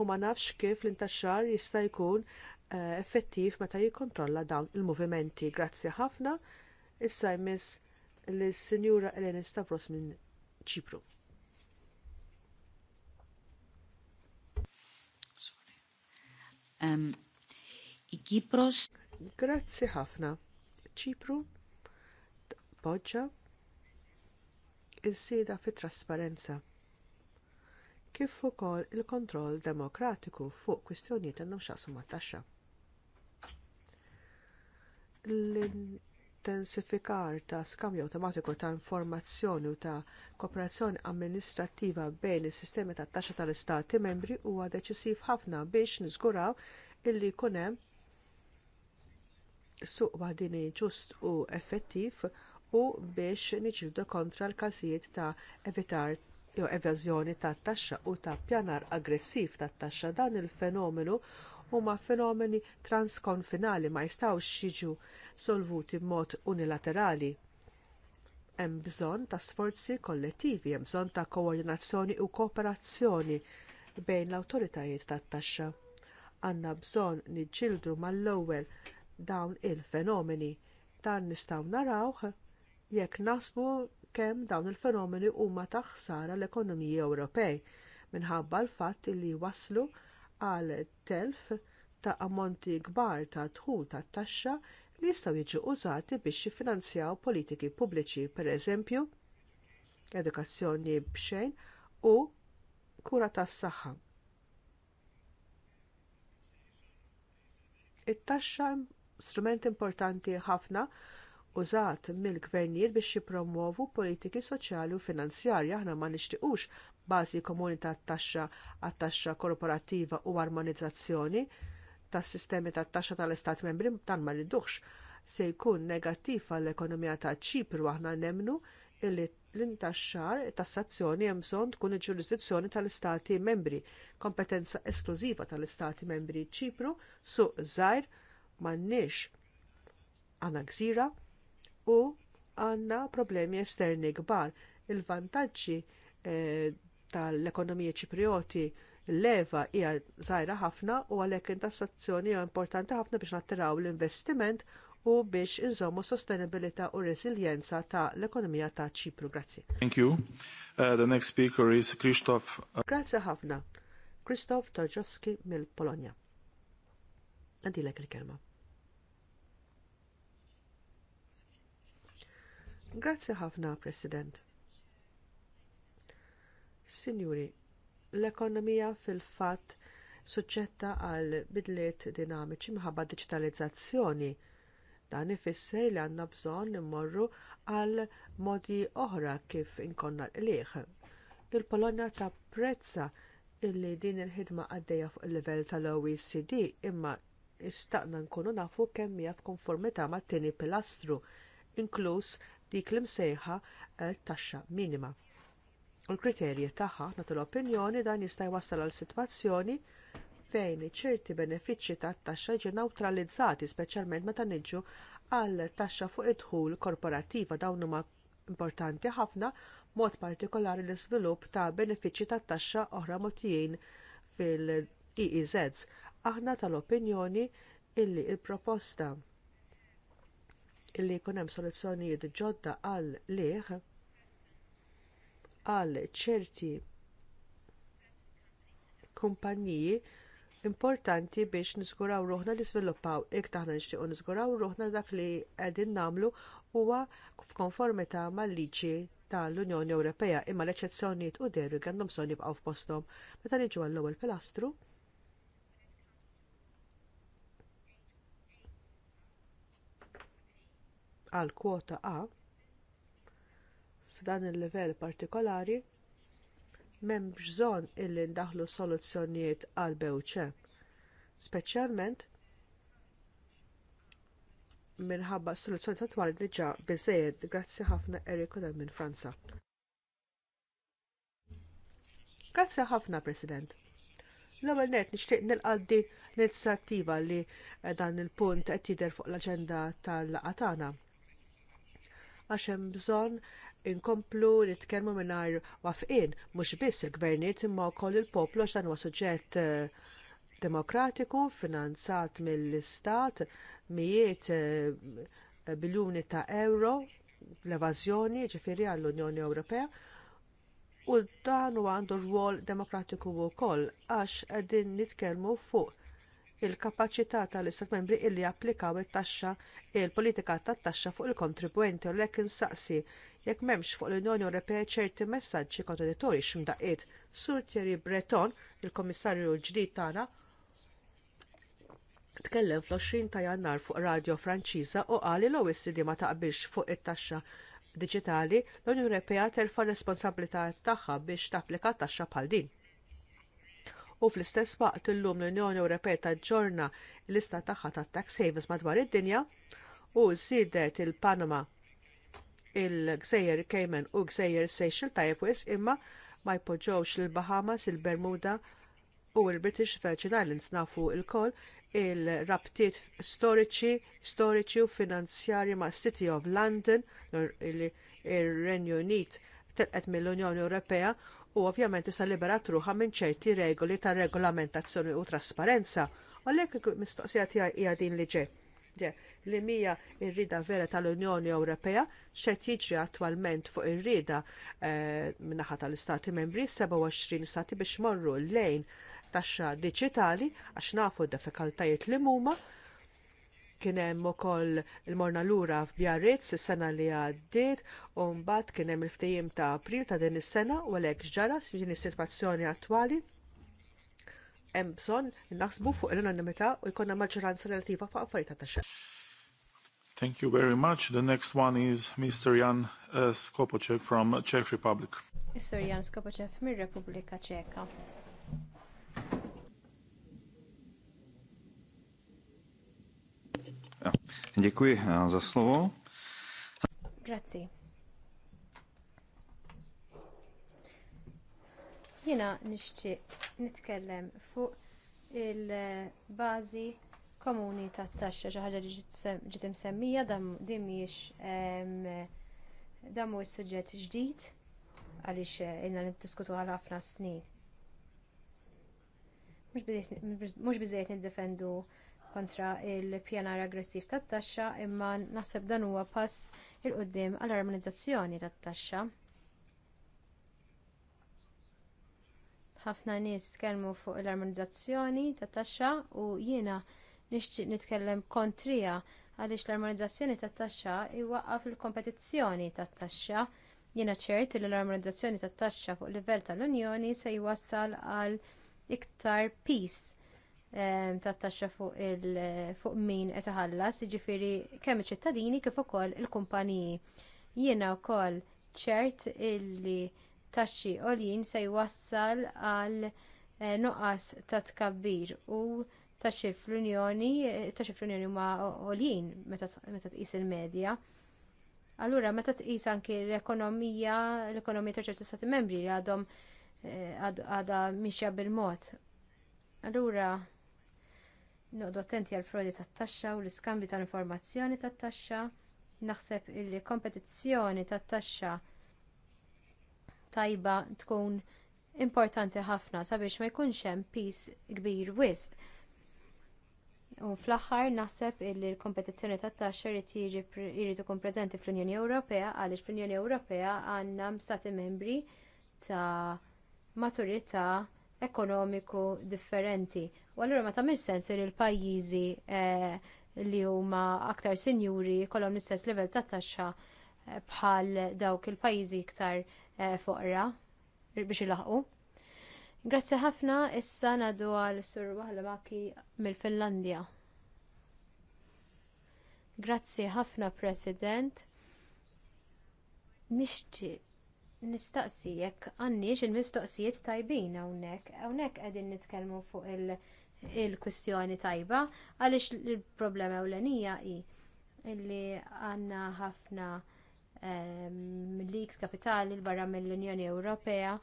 u ma nafx kif l-intaxxar jista' jkun eh, effettiv meta jikkontrolla dawn il-movimenti. Grazzi ħafna. Issa jmiss l-Sinjura Elena Stavros minn Ċipru. Kipros. Grazzi ħafna. Ċipru, Poġġa, il-sida fit trasparenza kif ukoll il-kontroll demokratiku fuq kwistjonijiet għandhom xaqsu mat-taxxa. L-intensifikar ta' skambju awtomatiku ta' informazzjoni u ta' kooperazzjoni amministrattiva bejn is-sistemi tat-taxxa tal-istati membri huwa deċisiv ħafna biex niżguraw illi jkun hemm suq din ġust u effettiv u biex niċildu kontra l każijiet ta' evitar jew evażjoni tat-taxxa u ta' pjanar aggressiv tat-taxxa dan il-fenomenu huma fenomeni transkonfinali ma jistgħux jiġu solvuti b'mod unilaterali. Hemm bżonn ta' sforzi kollettivi, hemm bżonn ta' koordinazzjoni u kooperazzjoni bejn l-awtoritajiet tat-taxxa. Għandna bżonn niġġieldu mal-ewwel dawn il-fenomeni dan nistgħu narawh jekk nasbu kemm dawn il-fenomeni huma ta' ħsara l-ekonomiji Ewropej minħabba l-fatt li waslu għal telf ta' ammonti kbar ta' dħul tat taxxa li jistgħu jiġu użati biex jiffinanzjaw politiki pubbliċi, pereżempju edukazzjoni b'xejn u kura tas-saħħa. It-taxxa strument importanti ħafna użat mill-gvernijiet biex jippromovu politiki soċjali u finanzjarji aħna ma nixtiequx bażi komuni ta' taxxa għat taxxa korporattiva u armonizzazzjoni tas sistemi tat taxxa tal-Istat membri tan ma rridux se jkun negattiv għall ekonomija ta' ċipru aħna nemnu illi l-intaxxar tassazzjoni hemm bżonn tkun il-ġurisdizzjoni tal-Istati membri, kompetenza esklużiva tal-Istati membri ċipru suq żgħir m'għandniex għandna gżira u għandna problemi esterni kbar. Il-vantaġġi eh, tal-ekonomija ċiprioti l-leva hija żgħira ħafna u għalhekk intassazzjoni hija importanti ħafna biex nattiraw l-investiment u biex inżommu sostenibilità u resiljenza ta' l-ekonomija ta' ċipru. Grazzi. Thank you. Uh, the next speaker is Krzysztof. Uh, Grazzi ħafna. Krzysztof Tarġowski mill polonia Għandilek il-kelma. Grazzi ħafna, President. Signori, l-ekonomija fil-fat suċċetta għal bidliet dinamiċi minħabba diġitalizzazzjoni. Dan ifisser li għandna bżonn immorru għal modi oħra kif inkonna l Il-Polonja tapprezza illi din il-ħidma għaddejja fuq il-livell tal-OECD imma istaqna nkunu nafu kemm hija f'konformità mat-tieni pilastru, inkluż dik li msejħa eh, taxxa minima. U l-kriterji tagħha nagħtu l-opinjoni dan jista' jwassal għal sitwazzjoni fejn ċerti benefiċċji tat-taxxa ġew neutralizzati speċjalment meta niġu għal taxxa fuq id-dħul korporattiva dawn huma importanti ħafna mod partikolari l-iżvilupp ta' benefiċċji tat-taxxa oħra motijin fil-EEZs. Aħna tal-opinjoni illi l il proposta illi jkun hemm soluzzjonijiet ġodda għal liħ għal ċerti kumpaniji importanti biex niżguraw ruħna li sviluppaw iktar aħna nixtiequ niżguraw ruħna dak li qegħdin nagħmlu huwa f'konformità mal-liġi tal-Unjoni Ewropea imma l-eċezzjonijiet u derogi għandhom bżonn jibqgħu f'posthom. Meta niġu għall-ewwel pilastru, għal kwota A f'dan il-livell partikolari m'hemm bżonn illi ndaħlu soluzzjonijiet għal bewċe, speċjalment minħabba soluzzjoni ta' twal diġà biżżejjed grazzi ħafna Eriko dan minn Franza. Grazzi ħafna, President. L-ewwel nett nixtieq nilqa' l-inizjattiva li dan il-punt qed jidher fuq l-aġenda tal-laqgħa tagħna għax hemm bżonn inkomplu nitkellmu mingħajr wafqin mhux biss il-gvernijiet imma wkoll il-poplu għax dan huwa suġġett eh, demokratiku finanzat mill-istat mijiet eh, biljuni ta' euro l-evażjoni ġifieri għall-Unjoni Ewropea u dan huwa għandu rwol demokratiku wkoll għax qegħdin nitkellmu fuq il-kapaċità tal-Istat membri illi applikaw it-taxxa l politika tat-taxxa fuq il-kontribwenti u lek insaqsi jekk m'hemmx fuq l-Unjoni Ewropea ċerti messaġġi kontradittorji x'imdaqqiet. Sur Thierry Breton, il kummissarju l-ġdid tagħna, tkellem fl-20 ta' Jannar fuq Radio Franċiża u qal li l-OECD ma taqbilx fuq it-taxxa diġitali, l-Unjoni Ewropea terfa' responsabilità tagħha biex tapplika taxxa bħal din u fl-istess waqt illum l-Unjoni Ewropea taġġorna l ista tagħha tat tax havens madwar id-dinja u żiedet il-Panama il-Gżejjer Cayman u Gżejjer Seychelles tajjeb wisq imma ma jpoġġewx il bahamas il-Bermuda u l british Virgin Islands nafu lkoll il-rabtiet storiċi, storiċi u finanzjarji mas City of London, ir renju Unit telqet mill-Unjoni Ewropea u ovvjament issa liberat ruħa minn ċerti regoli ta' regolamentazzjoni u trasparenza. Għalhekk mistoqsija tiegħi hija din li ġej. Li mija r vera tal-Unjoni Ewropea xed jiġri attwalment fuq ir min eh, minnaħa tal-Istati Membri 27 stati biex morru lejn taxxa diġitali għax nafu d-defikaltajiet li huma kien hemm ukoll il-morna lura f'Biarritz is-sena li għaddiet u mbagħad kien hemm il-ftehim ta' April ta' din is-sena u għalhekk x'ġara din is-sitwazzjoni attwali hemm bżonn naħsbu fuq l-unanimità u jkollna maġġoranza relattiva fuq affarijiet ta' xejn. Thank you very much. The next one is Mr. Jan uh, Skopoček from Czech Republic. Mr. Jan Skopoček from repubblika Ċeka. Dziękuję eh, za słowo. Grazie. Jena nixtieq nitkellem fuq il-bażi komuni tat-taxxa xi ħaġa li ġiet imsemmija dan din mhijiex dan mhuwiex suġġett ġdid għaliex eh, ilna niddiskutu għal ħafna snin. Mhux biżejjed niddefendu kontra il-pjanar aggressiv tat-taxxa imma naħseb dan huwa pass il quddiem għall armonizzazzjoni tat-taxxa. ħafna nies tkellmu fuq l-armonizzazzjoni tat-taxxa u jiena nixtieq nitkellem kontrija għaliex l-armonizzazzjoni tat-taxxa iwaqqaf il-kompetizzjoni tat-taxxa. Jiena ċert li l-armonizzazzjoni tat-taxxa fuq livell tal-Unjoni se jwassal għal iktar peace tat-taxxa fuq il fuq min qed iħallas, jiġifieri kemm iċ-ċittadini kif ukoll il-kumpaniji. Jiena wkoll ċert illi taxxi għoljin se jwassal għal eh, nuqqas ta' tkabbir u taxxi fl-Unjoni, taxxi fl-Unjoni huma għoljin meta tqis il-medja. Allura meta tqis anki l-ekonomija, l-ekonomija ta' ċertu stati membri li għadhom eh, għadha mixja bil-mod. Allura, Noqdu attenti għal frodi tat-taxxa u l-iskambju tal-informazzjoni tat-taxxa. Naħseb illi kompetizzjoni tat-taxxa tajba tkun importanti ħafna sabiex ma jkunx hemm pis kbir wisq. U fl-aħħar naħseb li l-kompetizzjoni tat-taxxa jrid ikun preżenti fl-Unjoni Ewropea għaliex fl-Unjoni Ewropea għandna stati membri ta' maturità ekonomiku differenti. U allura ma tagħmilx sens li l-pajjiżi eh, li huma aktar sinjuri jkollhom l-istess livell ta' taxxa eh, bħal dawk il-pajjiżi iktar eh, foqra biex ilaħqu. Grazzi ħafna issa nadu għal sur Waħlamaki mill-Finlandja. Grazzi ħafna President. Nixtieq Nistaqsijek jekk għandniex il-mistoqsijiet tajbin hawnhekk. Hawnhekk qegħdin nitkellmu fuq il-kwistjoni tajba għaliex il-problema ewlenija hi illi għandna ħafna ehm, leaks kapitali barra mill-Unjoni Ewropea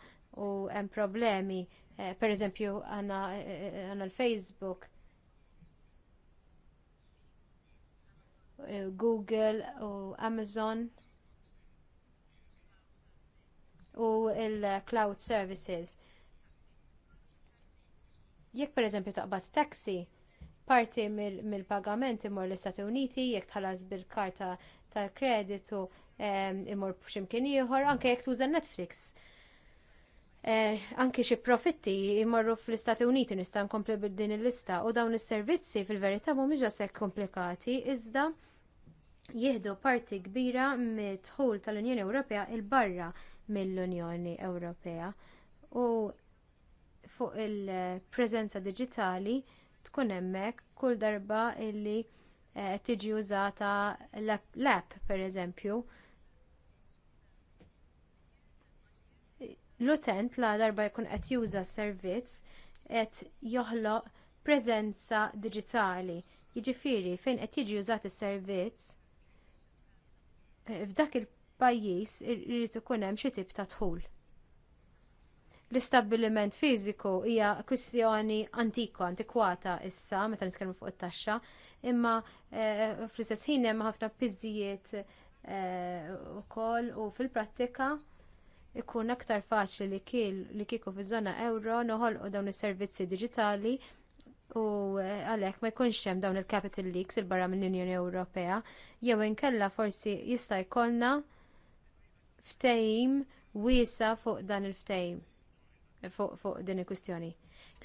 u hemm problemi. Eh, pereżempju eh, għandna l-Facebook eh, Google u Amazon u il-cloud services. Jekk pereżempju taqbad taxi, parti mill-pagament imur l-Istati Uniti, jekk tħallas bil-karta tal-kreditu imur x'imkien ieħor, anke jekk tuża Netflix. E, anke xi profitti jmorru fl-Istati Uniti nista' nkompli bil din il-lista u dawn is-servizzi fil-verità mhumiex hekk komplikati iżda jieħdu parti kbira mid-dħul tal-Unjoni Ewropea il barra mill-Unjoni Ewropea u fuq il-preżenza diġitali tkun hemmhekk kull darba illi eh, tiġi użata l-app pereżempju. L-utent la darba jkun qed juża s servizz qed joħloq preżenza diġitali. Jiġifieri fejn qed jiġi użat is-servizz eh, f'dak il pajjiż irid ikun hemm xi tip ta' dħul. L-istabbiliment fiżiku hija kwistjoni antika, antikwata issa, meta nitkellmu fuq it-taxxa, imma eh, fl-istess ħin hemm ħafna piżijiet eh, ukoll u fil-prattika ikun aktar faċli li kiel li kieku fiż-żona ewro noħolqu dawn is-servizzi diġitali u eh, għalhekk ma jkunx hemm dawn il-capital leaks il barra mill-Unjoni Ewropea jew inkella forsi jista' jkollna ftehim wiesa fuq dan il-ftehim fuq, fuq din il-kwistjoni.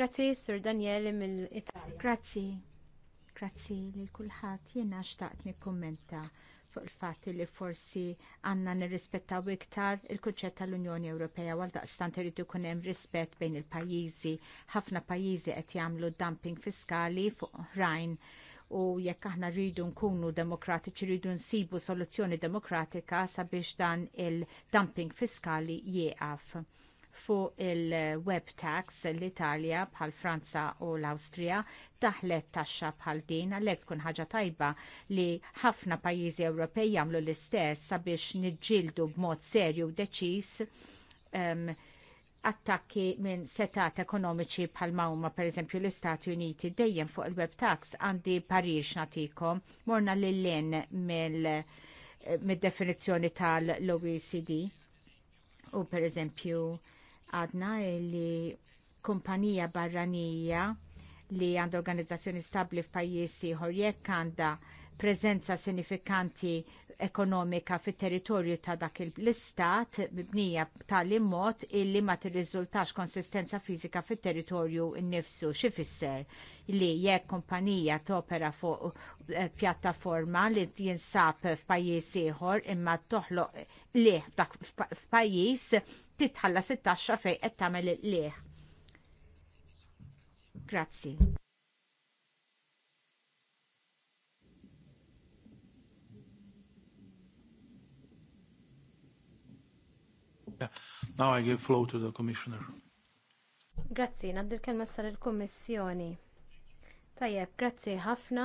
Grazzi, Sur Danieli mill-Italja. Grazzi, grazzi lil kulħadd jiena xtaqt nikkummenta fuq il-fatt li forsi għandna nirrispettaw iktar il-kunċett tal-Unjoni Ewropea għal daqstant irid ikun hemm rispett bejn il-pajjiżi. Ħafna pajjiżi qed jagħmlu dumping fiskali fuq oħrajn u jekk aħna rridu nkunu demokratiċi rridu nsibu soluzzjoni demokratika sabiex dan il-dumping fiskali jieqaf fuq il-web tax l-Italja bħal Franza u l-Awstrija taħlet taxxa bħal din għalhekk tkun ħaġa tajba li ħafna pajjiżi Ewropej jagħmlu l-istess sabiex niġġieldu b'mod serju u deċiż um, attakki minn setat ekonomiċi bħal mawma per eżempju l-Istati Uniti dejjem fuq il-web tax għandi parir natikom morna l-lin mill-definizzjoni tal-OECD u per eżempju għadna li kumpanija barranija li għandha organizzazzjoni stabbli f'pajjiżi ieħor jekk għandha preżenza sinifikanti ekonomika fit territorju ta' dak l-istat mibnija tal mod illi ma tirriżultax konsistenza fiżika fit territorju nnifsu xi fisser li jekk kumpanija topera fuq eh, pjattaforma li jinsab f'pajjiż ieħor imma toħloq liħ f'pajjiż titħallas it-taxxa fejn qed tagħmel liħ. Grazzi. Now I give flow to the Commissioner. Grazzi, naddi l-kelma sar il-Kommissjoni. Tajjeb, grazzi ħafna.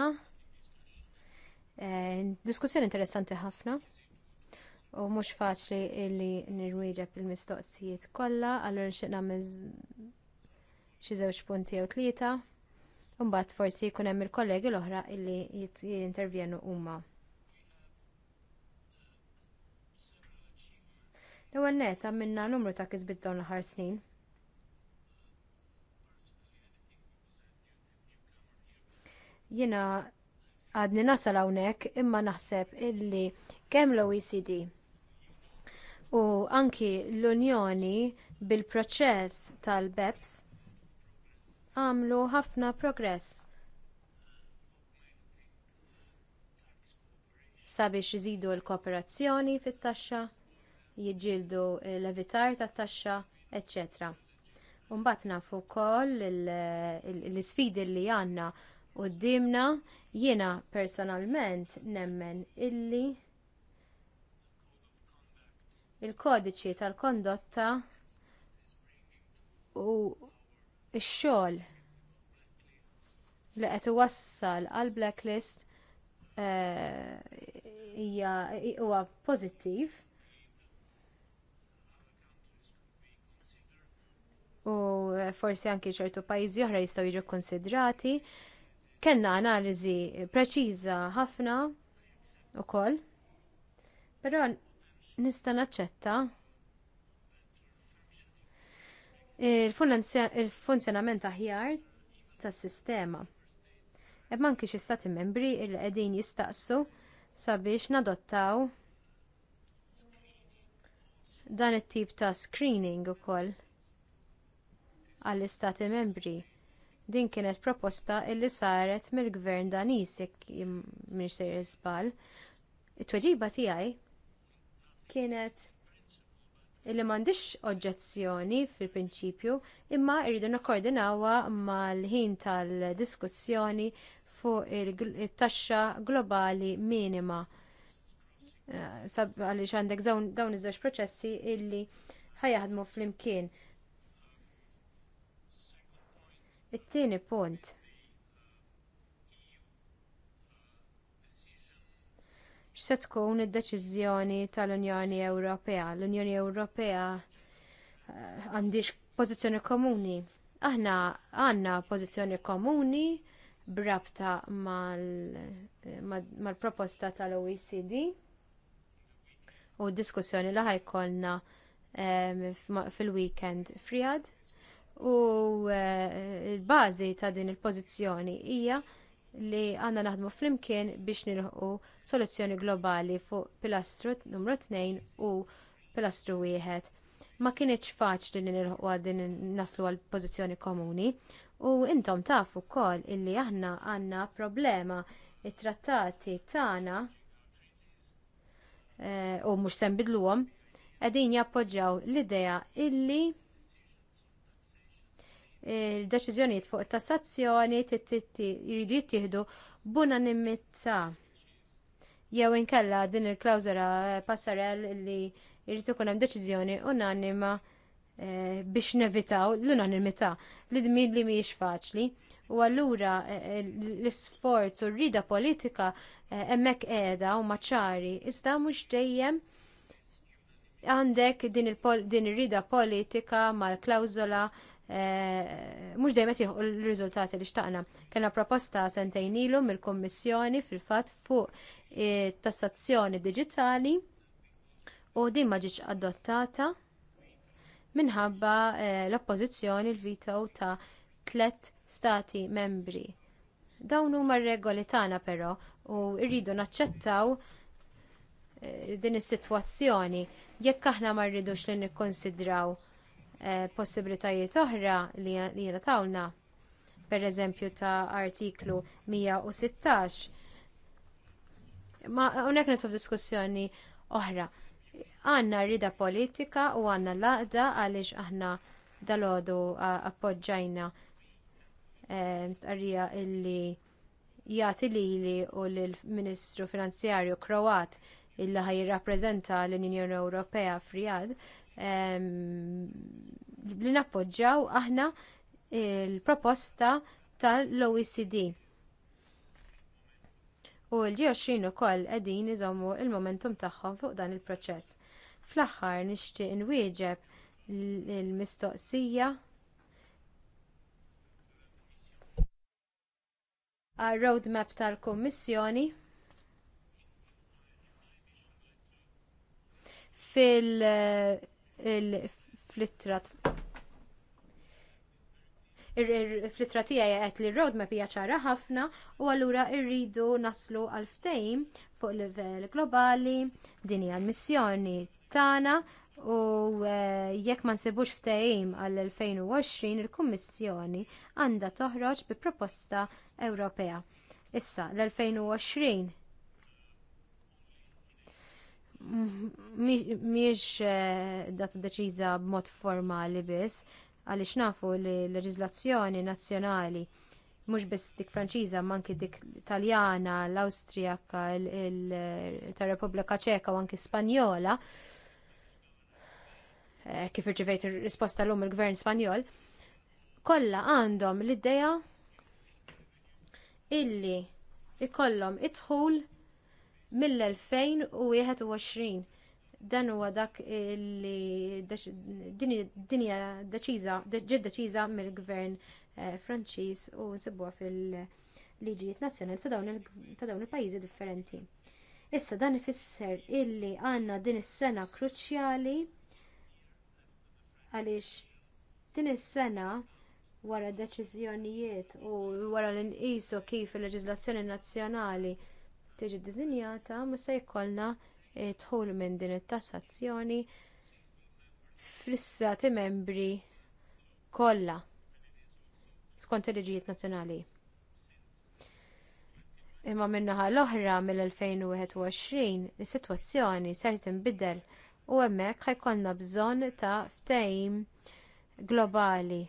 Eh, diskussjoni interessanti ħafna. U mhux faċli li nirwieġeb il-mistoqsijiet kollha, allura nixtieq nagħmel xi żewġ punti jew tlieta. Mbagħad forsi jkun hemm il-kollegi l-oħra illi jintervjenu huma. L-ewwel net għamilna numru ta' kisbit dawn l-aħħar snin. Jiena għadni nasal hawnhekk imma naħseb illi kemm l-OECD u anki l-Unjoni bil-proċess tal-BEPS għamlu ħafna progress sabiex iżidu l-kooperazzjoni fit-taxxa jiġġieldu l-evitar tat taxxa, etc. Umbat nafu wkoll l isfidi li għandna quddiemna, jiena personalment nemmen illi il-kodiċi tal-kondotta u x-xogħol li qed iwassal għall blacklist eh, hija huwa pożittiv u forsi anki ċertu pajjiżi oħra jistgħu jiġu kkonsidrati. Kellna analiżi preċiża ħafna ukoll. Però nista' naċċetta il-funzjonament aħjar tas-sistema. Hemm anki xi stati membri li qegħdin jistaqsu sabiex nadottaw dan it-tip ta' screening ukoll għall-Istati membri. Din kienet proposta illi saret mill-gvern Daniż jekk mhix se jiżbal. It-tweġiba tiegħi kienet illi m'għandix oġġezzjoni fil-prinċipju imma rridu nakkordinawha mal-ħin tal-diskussjoni fuq it-taxxa globali minima eh, għaliex għandek dawn iż-żewġ proċessi illi ħajaħdmu flimkien It-tieni punt. X'se tkun id-deċiżjoni tal-Unjoni Ewropea? L-Unjoni Ewropea eh, għandix pożizzjoni komuni. Aħna għandna pożizzjoni komuni brabta eh, mal-proposta mal tal-OECD u d diskussjoni li ħajkollna um, fil-weekend friad. U eh, l-bażi ta' din il-pożizzjoni hija li għandna naħdmu flimkien biex nilħu soluzzjoni globali fuq pilastru numru 2 u pilastru wieħed. Ma kienieċ faċli li nilħu għaddin naslu għal pożizzjoni komuni u intom tafu kol illi aħna għandna problema it-trattati tagħna eh, u mhux sembidluhom qegħdin jappoġġaw l-idea illi il-deċiżjonijiet fuq it-tassazzjoni jridu jittieħdu b'unanimità. Jew inkella din il klawsola eh, passarell li jrid ikun hemm deċiżjoni unanima eh, biex nevitaw l-unanimità li dmin li mhijiex faċli. U allura eh, l-isforz u rrida politika hemmhekk qiegħda u maċari, iżda mhux dejjem għandek din ir-rida politika mal klawzola Eh, mhux dejjem qed l-riżultati li xtaqna. Kena proposta sentejn ilu mill-Kummissjoni fil fat fuq eh, tassazzjoni digitali, u din ma ġietx adottata minħabba eh, l-oppożizzjoni l-vito ta' tliet stati membri. Dawn huma r-regoli tagħna però u rridu naċċettaw din is-sitwazzjoni jekk aħna ma rridux li nikkonsidraw Eh, possibilitajiet oħra li jena tawna, per eżempju ta' artiklu 116. Ma unek nitu diskussjoni oħra. Għanna rida politika u għanna laqda għalix aħna dalgħodu appoġġajna eh, mistqarrija illi jagħti lili u lill-Ministru Finanzjarju Kroat illi ħaj jirrappreżenta l-Unjoni Ewropea f'Rijad li nappoġġaw aħna il-proposta tal-OECD. U l g u ukoll qegħdin iżommu l momentum tagħhom fuq dan il-proċess. Fl-aħħar nixtieq inwieġeb il-mistoqsija għal roadmap tal-Kummissjoni fil- il ittrat tiegħi qed li r ma pija ċara ħafna u allura rridu naslu għal ftehim fuq livell globali din hija l-missjoni tagħna u eh, jekk ma nsibux ftehim għal 2020 il-Kummissjoni għandha toħroġ bi proposta Ewropea. Issa l-2020 miex eh, data deċiża b'mod formali biss, għaliex nafu li l-leġiżlazzjoni nazzjonali mhux biss dik Franċiża manki dik Taljana, l-Awstrijaka, tar-Repubblika Ċeka u anki Spanjola. Eh, kif irċivejt ir-risposta l il-Gvern Spanjol, kollha għandhom l-idea illi ikollhom idħul mill-2021. Dan huwa dak li dinja deċiża, ġiet deċiża mill-gvern eh, Franċiż u nsibuha fil-liġijiet nazzjonali ta' dawn il-pajjiżi differenti. Issa dan ifisser illi għandna din is-sena kruċjali għaliex din is-sena wara deċiżjonijiet u wara l-inqisu kif il-leġiżlazzjoni nazzjonali tiġi ddisinjata ma se jkollna tħul eh, minn din it-tassazzjoni fl-istati membri kollha skont il-liġijiet nazzjonali. Imma min-naħa l-oħra mill-2021 is-sitwazzjoni ser tinbidel u hemmhekk ħajkollna bżonn ta' ftehim globali.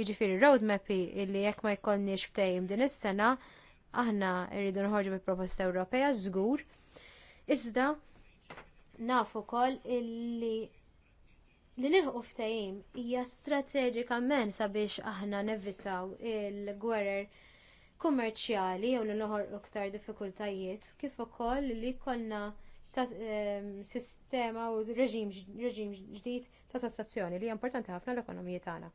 Jiġifieri roadmap li jekk ma jkollniex ftehim din is-sena aħna rridu nħorġu bi proposta Ewropea żgur. Iżda nafu wkoll illi li nilħu ftajim hija strateġikament sabiex aħna nevitaw il-gwerer kummerċjali jew li noħorqu iktar diffikultajiet kif ukoll li jkollna sistema u reġim ġdid ta' tassazzjoni li hija importanti ħafna l-ekonomija tagħna.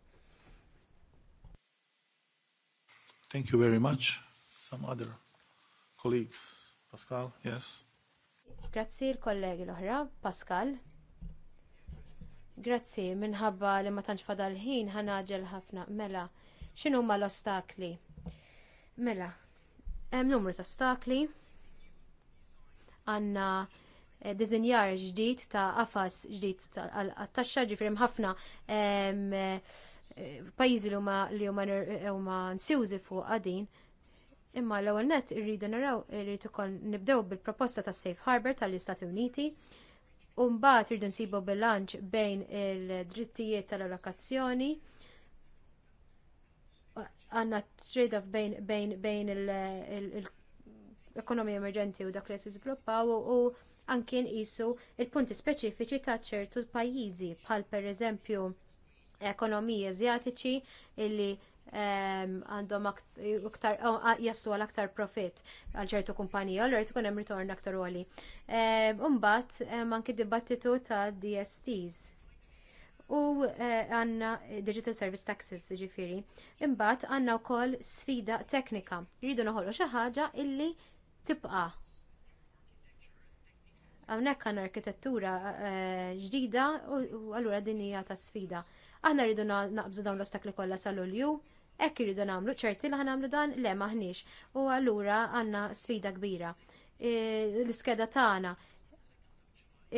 Thank you very much some other colleague. Pascal, yes. Grazzi l-kollegi l-oħra, Pascal. Grazzi, minħabba li ma tanċ fadal ħin ħanaġel ħafna. Mela, xinu ma l-ostakli? Mela, hemm numru ta' ostakli. Għanna eh, dizinjar ġdid ta' qafas ġdid għat-taxxa ġifrim ħafna eh, pajizi li huma eh, nsiwzi fuq għadin. Imma l-ewwel nett irridu naraw irrid ukoll nibdew bil-proposta tas Safe Harbor tal-Istati Uniti u mbagħad irridu nsibu bilanċ bejn il-drittijiet tal-allokazzjoni għandna trade-off bejn, bejn, bejn l-ekonomija emerġenti u dak li jiżviluppaw u anki nqisu l punti speċifiċi ta' ċertu pajjiżi bħal pereżempju ekonomiji eżjatiċi illi għandhom aktar oh, jaslu għal aktar profit għal ċertu kumpanija, l ikun hemm ritorn aktar għoli. Umbat anki dibattitu ta' DSTs u eh, għanna Digital Service Taxes ġifiri. Imbat għanna u koll sfida teknika. Rridu noħollu xaħġa illi tibqa. Għamnek għanna arkitettura eh, ġdida u għallura dinija ta' sfida. Aħna rridu naqbżu dawn l-ostakli kollha sal-ulju Ekk irridu nagħmlu ċerti li ħanamlu dan le maħniex. U allura għandna sfida kbira. L-iskeda tagħna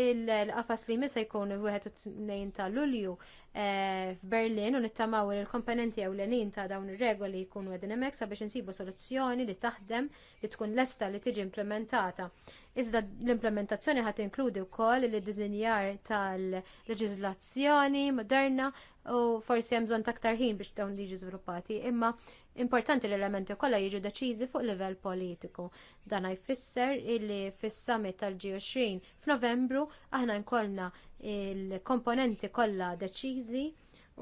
il-qafas li misa jkun wieħed u tnejn ta' Lulju eh, f'Berlin u nittamaw il-komponenti ewlenin ta' dawn ir-regoli jkunu qegħdin hemmhekk sabiex insibu soluzzjoni li taħdem li tkun lesta li tiġi implementata. Iżda l-implementazzjoni ħat inkludi wkoll il-dizinjar tal-leġiżlazzjoni moderna u forsi hemm bżonn ħin biex dawn liġi żviluppati, imma Importanti l-elementi kollha jiġu deċiżi fuq livell politiku. Dan jfisser illi fis-summit tal-G20 f'Novembru aħna nkollna l komponenti kollha deċiżi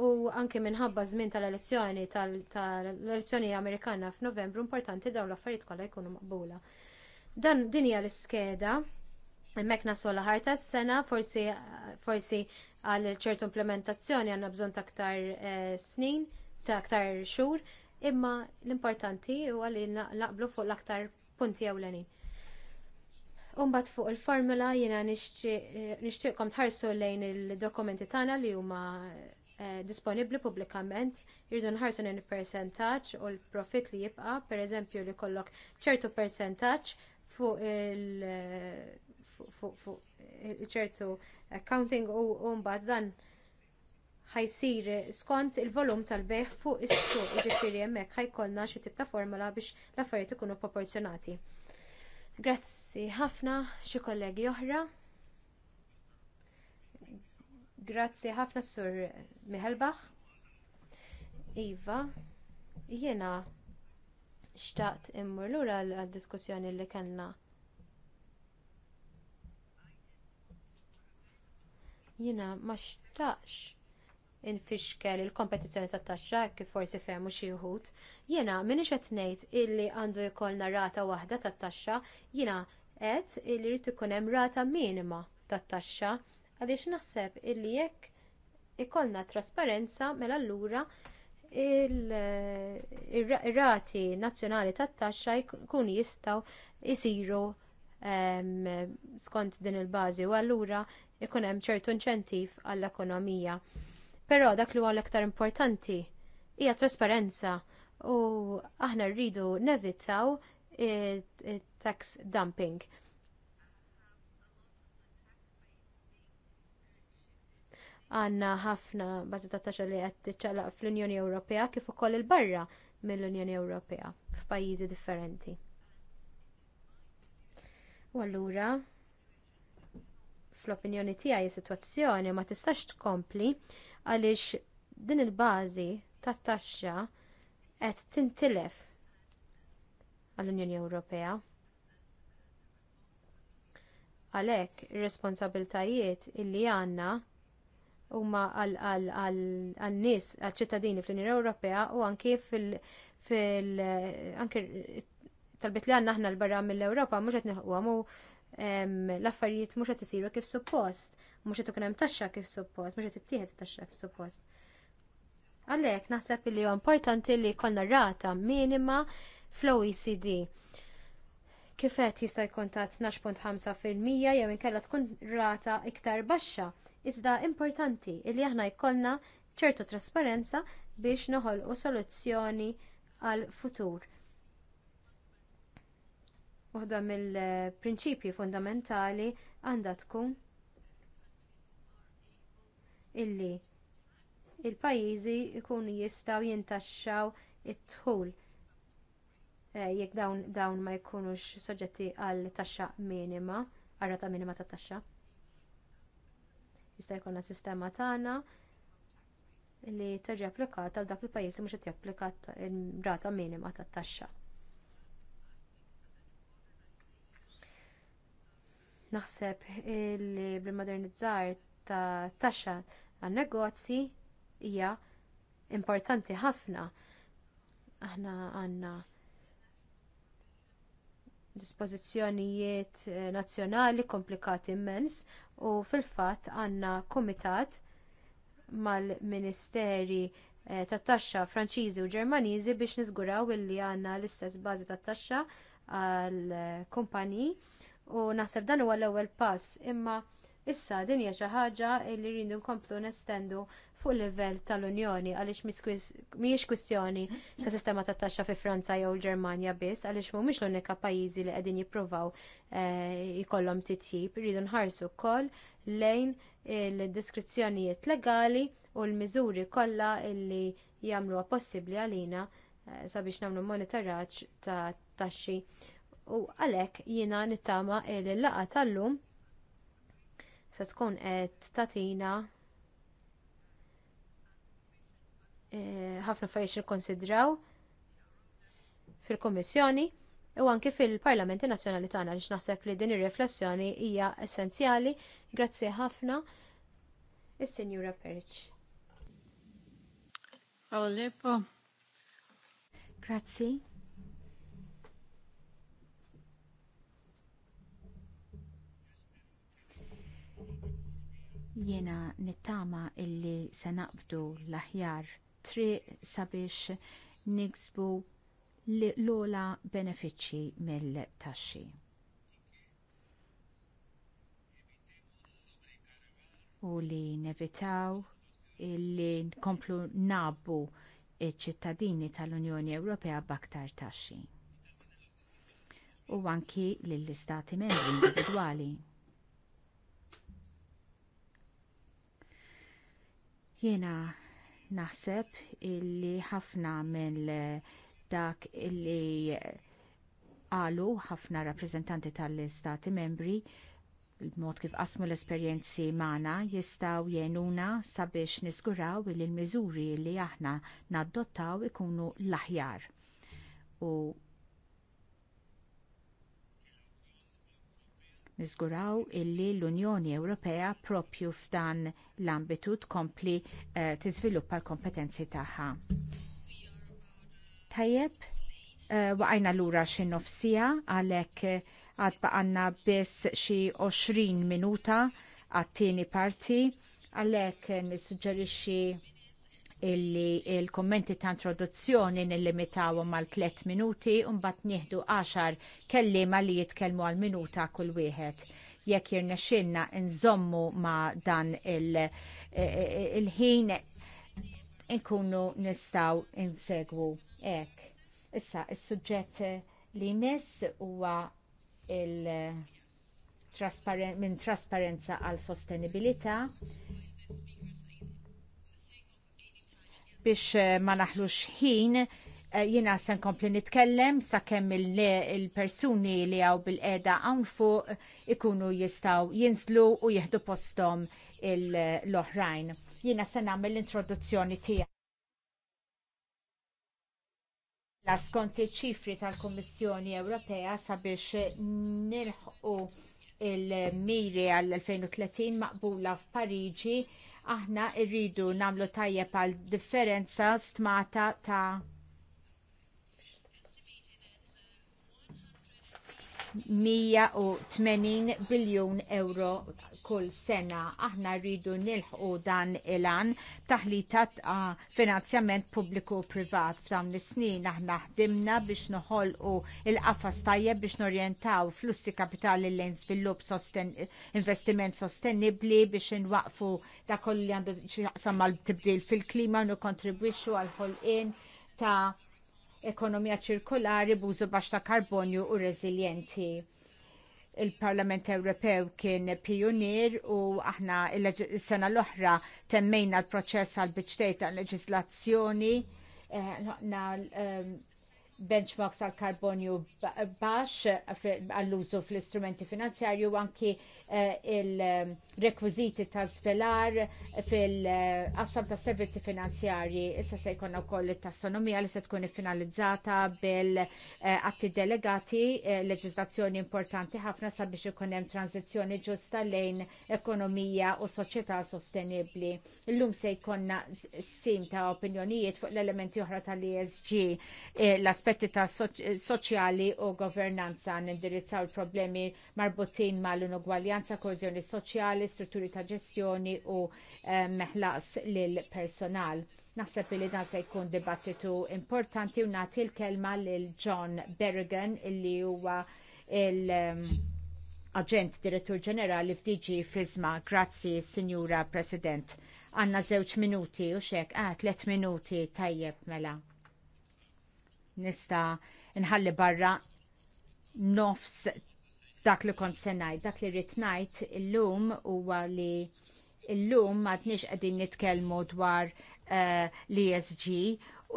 u anke minħabba żmien tal-elezzjoni tal-elezzjoni Amerikana f'Novembru importanti dawn l-affarijiet kollha jkunu maqbula. Dan din hija l-iskeda hemmhekk naslu l aħħar tas s-sena, forsi, forsi għal ċertu implementazzjoni għanna bżon ta' ktar eh, snin, ta' ktar xur, imma l-importanti huwa li naqblu fuq l-aktar punti għawleni. Umbat fuq il-formula jiena eh, nixtieqkom tħarsu lejn il-dokumenti tagħna li huma eh, disponibbli pubblikament, jirdu nħarsu lejn il-percentaġġ u l-profit li jibqa', pereżempju li kollok ċertu percentaġġ fuq il- eh, ċertu accounting u mbagħad dan ħajsir skont il-volum tal-beħ fuq is-suq, jiġifieri hemmhekk ħajkollna xi tip ta' formola biex l-affarijiet ikunu proporzjonati. Grazzi ħafna xi kollegi oħra. Grazzi ħafna sur Mihelbach. Iva, jiena xtaqt immur lura għal-diskussjoni li kellna. Jiena ma xtaqx infixkel il-kompetizzjoni tat taxxa kif forsi fehmu xi wħud. Jiena minix qed ngħid illi għandu jkollna rata waħda tat taxxa, jiena qed illi jrid ikun hemm rata minima tat taxxa għaliex naħseb illi jekk ikollna trasparenza mela allura ir-rati nazzjonali tat taxxa jkunu jistgħu jsiru ehm, skont din il-bażi u allura ikun hemm ċertu inċentiv għall-ekonomija. Però dak li huwa l-aktar importanti hija trasparenza u aħna rridu nevitaw tax dumping. Għanna ħafna bażi ta' taxxa li qed tiċċaqlaq fl-Unjoni Ewropea kif ukoll il-barra mill-Unjoni Ewropea f'pajjiżi differenti. U allura fl-opinjoni tiegħi is-sitwazzjoni ma tistax tkompli għaliex din il-bażi tat-taxxa qed tintilef għall-Unjoni Ewropea. Għalhekk ir-responsabiltajiet illi għandna huma għal-nies għal-ċittadini fl-Unjoni Ewropea u anki fil- fil- anki li għandna aħna l-barra mill-Ewropa mhux qed nilħquhom u l-affarijiet mhux qed isiru kif suppost, mhux qed ikun hemm taxxa kif suppost, mhux qed ittieħed taxxa kif suppost. Għalhekk naħseb li huwa importanti li jkollna rata minima fl-OECD. Kif qed jista' jkun ta' 12.5% jew inkella tkun rata iktar baxxa. Iżda importanti li aħna jkollna ċertu trasparenza biex noħolqu soluzzjoni għal futur Waħda mill-prinċipji fundamentali għandha tkun illi il pajjiżi jkunu jistgħu jintaxxaw it-tħul eh, jekk dawn, ma jkunux soġġetti għal taxxa minima, għarrata minima ta' taxxa. Jista' jkollna sistema tagħna li terġa' applikata għal dak il-pajjiż li mhux qed japplika rata minima tat taxxa. Naħseb li bil-modernizzar ta' taxxa għan negozji hija importanti ħafna. Aħna għandna dispożizzjonijiet eh, nazzjonali komplikati immens u fil-fatt għandna kumitat mal-Ministeri eh, tat taxxa Franċiżi u Ġermaniżi biex niżguraw illi għandna l-istess bażi tat taxxa għall eh, kumpaniji u naħseb dan huwa l-ewwel pass imma issa din hija xi ħaġa li rridu nkomplu nestendu fuq livell tal-Unjoni għaliex mhijiex kwistjoni ta' sistema ta' taxxa fi Franza jew il ġermanja biss għaliex mhumiex l-unika pajjiżi li qegħdin jippruvaw eh, jkollhom titjib, irridu nħarsu wkoll lejn il-diskrizzjonijiet legali u l-miżuri kollha li jagħmluha possibbli għalina eh, sabiex nagħmlu monitoraġġ ta' taxxi u għalhekk jiena nittama l laqgħa tal-lum se tkun qed tatina e, ħafna affarijiet ikkonsidraw fil-Kummissjoni u anke fil-Parlamenti Nazzjonali tagħna għaliex naħseb li din ir-riflessjoni hija essenzjali. Grazzi ħafna is-Sinjura Perch. Grazzi. Jiena nittama illi se naqbdu l-aħjar triq sabiex niksbu l-ola benefiċċji mill-taxxi. u li nevitaw li nkomplu nabbu ċ-ċittadini tal-Unjoni Ewropea b'aktar taxxi. U anki lill-istati membri individwali. Jiena naħseb illi ħafna minn dak illi qalu ħafna rappreżentanti tal-istati membri il-mod kif qasmu l-esperjenzi magħna jistgħu jgħinuna sabiex niżguraw li l-miżuri li aħna naddottaw ikunu l-aħjar. U niżguraw illi l-Unjoni Ewropea propju f'dan l-ambitu tkompli uh, tiżviluppa l-kompetenzi tagħha. Tajjeb, uh, waqajna lura xi nofsija għalhekk eh, għad baqanna biss xi 20 minuta għat-tieni parti għalhekk nissuġġerixxi illi il-kommenti ta' introduzzjoni nillimitawhom għal 3 minuti u mbagħad nieħdu 10 kelliema li jitkellmu għal minuta kull wieħed. Jekk jirnexxinna nżommu ma' dan il-ħin inkunu nistgħu insegwu hekk. Issa is-suġġett li nies huwa il minn trasparenza għal sostenibilità biex eh, ma naħlux ħin eh, jina sen kompli nitkellem sakemm il-persuni li għaw bil-qeda għan fuq ikunu jistaw jinslu u jihdu postom l-oħrajn. Jina sen għamil l-introduzzjoni tija. La skont il-ċifri tal-Kommissjoni Ewropea sabiex nilħu il-miri għall-2030 maqbula f'Pariġi aħna rridu nagħmlu tajjeb għal differenza stmata ta' 180 biljun euro kull sena. Aħna rridu nilħqu dan il-an taħlita ta' finanzjament pubbliku u privat. F'dawn is-snin aħna ħdimna biex noħolqu il-qafas tajjeb biex norjentaw flussi kapitali lejn żvilupp sosten investiment sostenibbli biex inwaqfu da kollu li għandu xaqsam mal-tibdil fil-klima u kontribwixxu għal ħolqien ta' ekonomija ċirkolari b'użu baxx ta' karbonju u reżiljenti il-Parlament Ewropew kien pionier u aħna s sena l-oħra temmejna l-proċess għal biċtejt għal leġislazzjoni ħna eh, ehm, benchmarks għal karbonju baxx għall-użu fl-istrumenti finanzjarju anki Eh, il-rekwiziti ta' svelar fil-qassam ta' servizzi finanzjarji. Issa se jkun ukoll it-tassonomija li se tkun iffinalizzata bil-atti eh, delegati eh, leġislazzjoni importanti ħafna sabiex ikun hemm tranzizzjoni ġusta lejn ekonomija u soċjetà sostenibbli. Illum se jkollna sim ta' opinjonijiet fuq l-elementi oħra tal-ESG, l-aspetti ta' soċjali u governanza nindirizzaw il-problemi marbutin mal-inugwaljanza governanza, koezjoni soċjali, strutturi ta' ġestjoni u eh, meħlaqs lil personal. Naħseb li dan se jkun dibattitu importanti u nagħti l-kelma lil John Berrigan illi huwa il- ehm, Aġent Direttur Ġenerali f'DG Frisma, grazzi Sinjura President. Għanna żewġ minuti u xek, ah, tlet minuti tajjeb mela. Nista nħalli barra nofs dak li kont se ngħid, dak li rrid ngħid illum huwa li illum m'għadniex qegħdin nitkellmu dwar uh, eh, l-ESG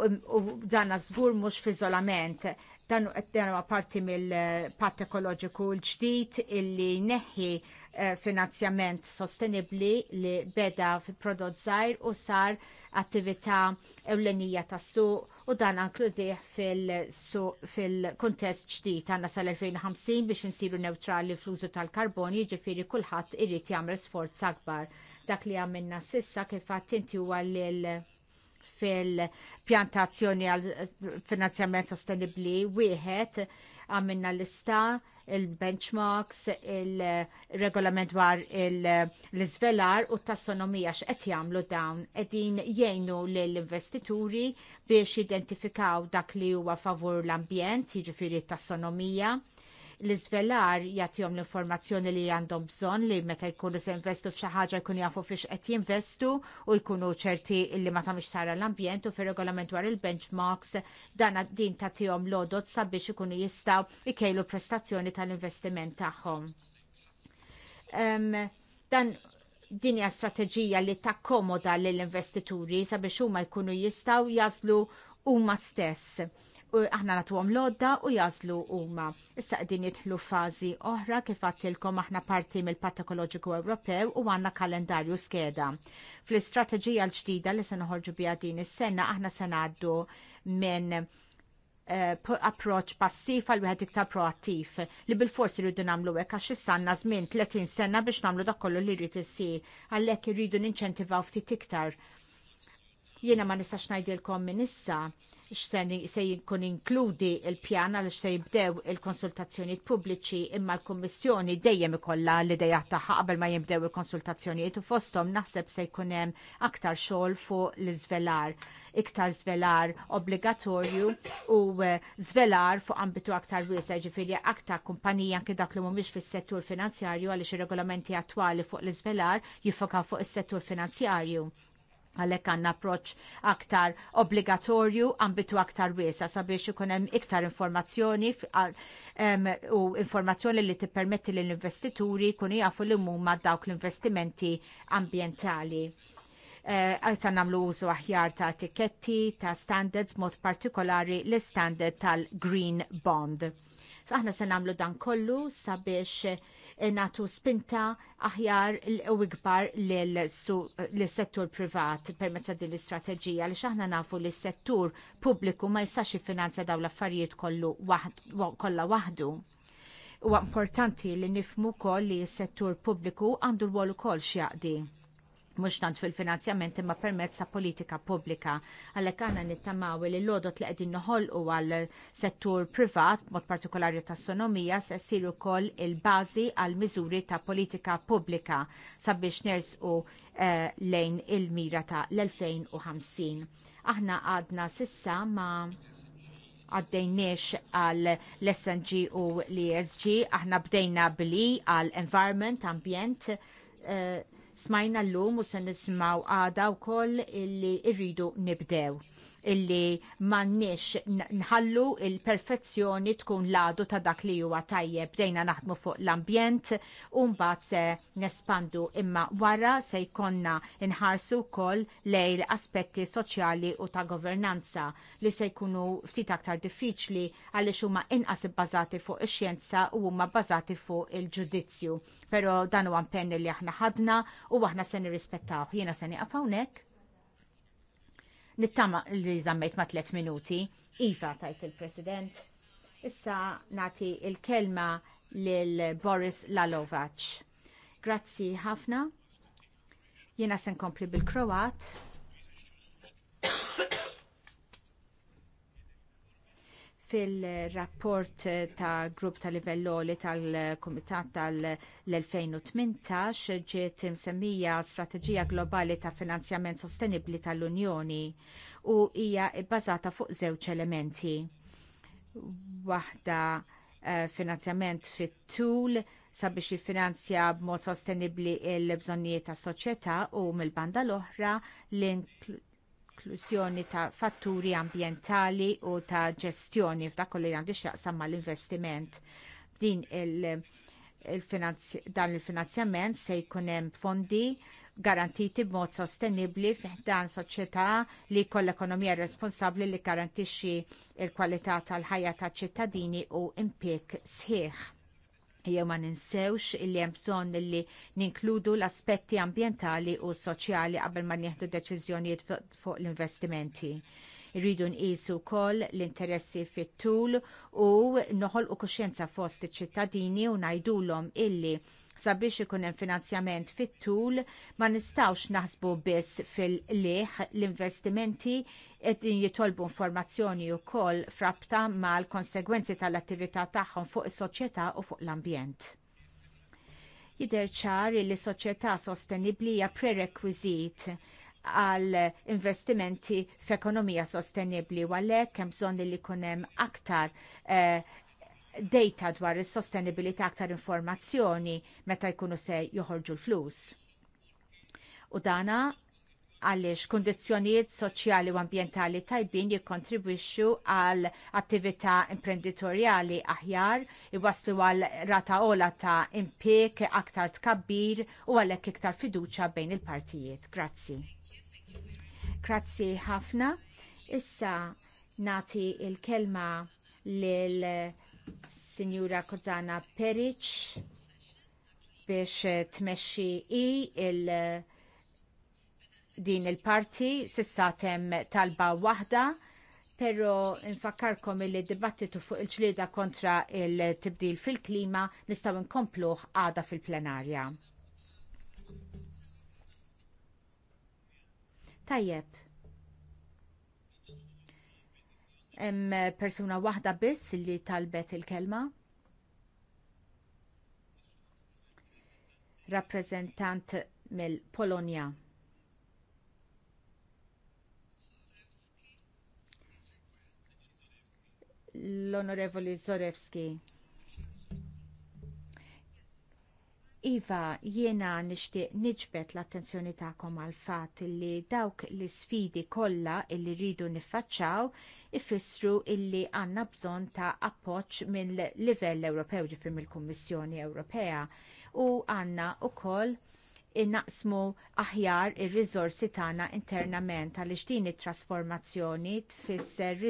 u, dan għazgur mux mhux f'iżolament dan huwa parti mill-patt ekoloġiku l-ġdid illi neħħi Eh, finanzjament sostenibli li beda fi prodott zaħir u sar attività ewlenija tas-suq u dan ankludih fil-kuntest fil ġdid għandna sal-2050 biex insiru neutrali fl-użu tal-karbonju jiġifieri kulħadd irid jagħmel sforz akbar. Dak li għamilna sissa kif għad huwa lil fil-pjantazzjoni għal finanzjament sostenibli wieħed għamilna lista il-benchmarks, il-regolament dwar l-izvelar u tassonomija x'qed jagħmlu dawn qegħdin jgħinu lill-investituri biex jidentifikaw dak li huwa favur l-ambjent, jiġifieri tassonomija l-iżvelar jagħtihom l-informazzjoni li għandhom bżonn li meta jkunu se investu f'xi ħaġa jkunu jafu fiex qed jinvestu u jkunu ċerti li ma tagħmilx sara l-ambjent u fir-regolament dwar il-benchmarks dan din tagħtihom lodot sabiex ikunu jistgħu ikejlu prestazzjoni tal-investiment tagħhom. Um, dan din hija strateġija li takkomoda lill investituri sabiex huma jkunu jistgħu jażlu huma stess aħna natuhom lodda u jażlu huma. Issa qegħdin jidħlu fażi oħra kif għattilkom aħna parti mill patekoloġiku Ewropew u għandna kalendarju skeda. Fl-istrateġija l-ġdida li se noħorġu biha din is-sena aħna se ngħaddu minn eh, approċ passiv għal wieħed iktar proattiv li bil-forsi rridu nagħmlu hekk għax issanna żmien 30 sena biex nagħmlu dak kollu li jrid isir għalhekk irridu ninċentivaw ftit iktar Jiena ma nistax ngħidilkom minn issa se jkun inkludi il-pjan għal se jibdew il-konsultazzjonijiet pubbliċi imma l-Kummissjoni dejjem ikollha l-idea tagħha qabel ma jibdew il-konsultazzjonijiet u fosthom naħseb se jkun hemm aktar xogħol fuq l-iżvelar, iktar żvelar obbligatorju u eh, żvelar fuq ambitu aktar wiesa' ġifieri aktar kumpanija anke dak li mhumiex fis-settur finanzjarju għaliex ir-regolamenti attwali fuq l-iżvelar jiffokaw fuq is-settur finanzjarju għalek għanna approċ aktar obbligatorju, ambitu aktar wiesa sabiex ikun hemm iktar informazzjoni u informazzjoni li tippermetti l investituri kun jafu li huma dawk l-investimenti ambientali. Eh, għalta namlu użu aħjar ta' etiketti, ta' standards, mod partikolari l-standard tal-Green Bond. Aħna se namlu dan kollu sabiex natu spinta aħjar u ikbar l-settur privat mezza din l-istrateġija li xaħna nafu li s-settur pubbliku ma jistax jiffinanzja daw l-affarijiet kollha waħdu. Huwa importanti li nifmu koll li s-settur pubbliku għandu rwol ukoll x'jaqdi mux tant fil-finanzjament imma permezz ta' politika pubblika. Għalhekk aħna nittamaw li l-lodot li qegħdin noħolqu għal settur privat, mod partikolari ta' sonomija se siru kol il-bażi għal miżuri ta' politika pubblika sabiex nersqu eh, lejn il-mira ta' l-2050. Aħna għadna sissa ma' għaddejniex għal l-SNG u l-ESG, aħna bdejna bli għal environment, ambjent, eh, smajna l-lum u se nismaw għada u koll illi irridu nibdew illi m'għandniex nħallu il-perfezzjoni tkun ladu ta' dak li huwa tajjeb. Bdejna naħdmu fuq l-ambjent u mbagħad se nespandu imma wara se jkollna nħarsu wkoll lejn aspetti soċjali u ta' governanza li se jkunu ftit aktar diffiċli għaliex huma inqas bbażati fuq ix-xjenza u huma bbażati fuq il-ġudizzju. Però dan huwa impenn li aħna ħadna u aħna se nirrispettaw. Jiena se nieqaf hawnhekk Nittama li zammejt ma' tliet minuti. Iva, tajt il-President. Issa nati il-kelma lil Boris Lalovac. Grazzi ħafna. Jena sen kompli bil-Kroat fil-rapport ta' grupp ta' livelloli tal-Komitat tal-2018 ġiet imsemmija strateġija globali ta' finanzjament sostenibli tal-Unjoni u hija bbażata fuq żewġ elementi. Waħda eh, finanzjament fit-tul sabiex jiffinanzja b'mod sostenibbli l bżonnijiet tas soċjetà u mill-banda l-oħra l l-inklusjoni ta' fatturi ambjentali u ta' ġestjoni f'dak kollu li għandu x'jaqsam mal-investiment. Din il- dan il-finanzjament se jkun hemm fondi garantiti b'mod sostenibbli f'dan soċjetà li jkollha ekonomija responsabbli li garantixxi l kwalità tal-ħajja taċ ċittadini u impjeg sħiħ jew ma ninsewx illi hemm bżonn li ninkludu l-aspetti ambjentali u soċjali qabel ma nieħdu deċiżjonijiet fuq l-investimenti. Irridu nqisu wkoll l-interessi fit-tul u noħolqu kuxjenza fost iċ-ċittadini u ngħidulhom illi sabiex ikun hemm finanzjament fit-tul ma nistgħux naħsbu biss fil-liħ l-investimenti qegħdin jitolbu informazzjoni wkoll frabta mal-konsegwenzi tal-attività tagħhom fuq is-soċjetà u fuq l-ambjent. Jidher ċar li soċjetà sostenibbli hija prerekwiżit għal investimenti f'ekonomija sostenibbli u għalhekk hemm bżonn li jkun hemm aktar eh, data dwar is-sostenibilità aktar informazzjoni meta jkunu se joħorġu l-flus. U dana għaliex kundizzjonijiet soċjali u ambjentali tajbin jikkontribwixxu għal attività imprenditorjali aħjar, iwaslu għal rata ola ta' impik aktar tkabbir u għalhekk iktar fiduċja bejn il-partijiet. Grazzi. Grazzi ħafna. Issa nati il-kelma lil Signora Kozana Peric biex eh, tmexxi i il- din il-parti tem talba waħda, pero infakkarkom il dibattitu fuq il-ġlieda kontra il-tibdil fil-klima nistaw nkompluħ għada fil-plenarja. Tajjeb. Hemm persuna waħda biss li talbet il-kelma. Rappreżentant mill-Polonja. L-Onorevoli Zorewski. Iva, jiena nixtieq niġbet l-attenzjoni tagħkom għal fatt li dawk l isfidi kollha li rridu nifacċaw ifissru illi għandna bżonn ta' appoġġ mill livell Ewropew ġifri mill-Kummissjoni Ewropea u għandna wkoll innaqsmu aħjar ir-riżorsi tagħna internament għaliex din it-trasformazzjoni tfisser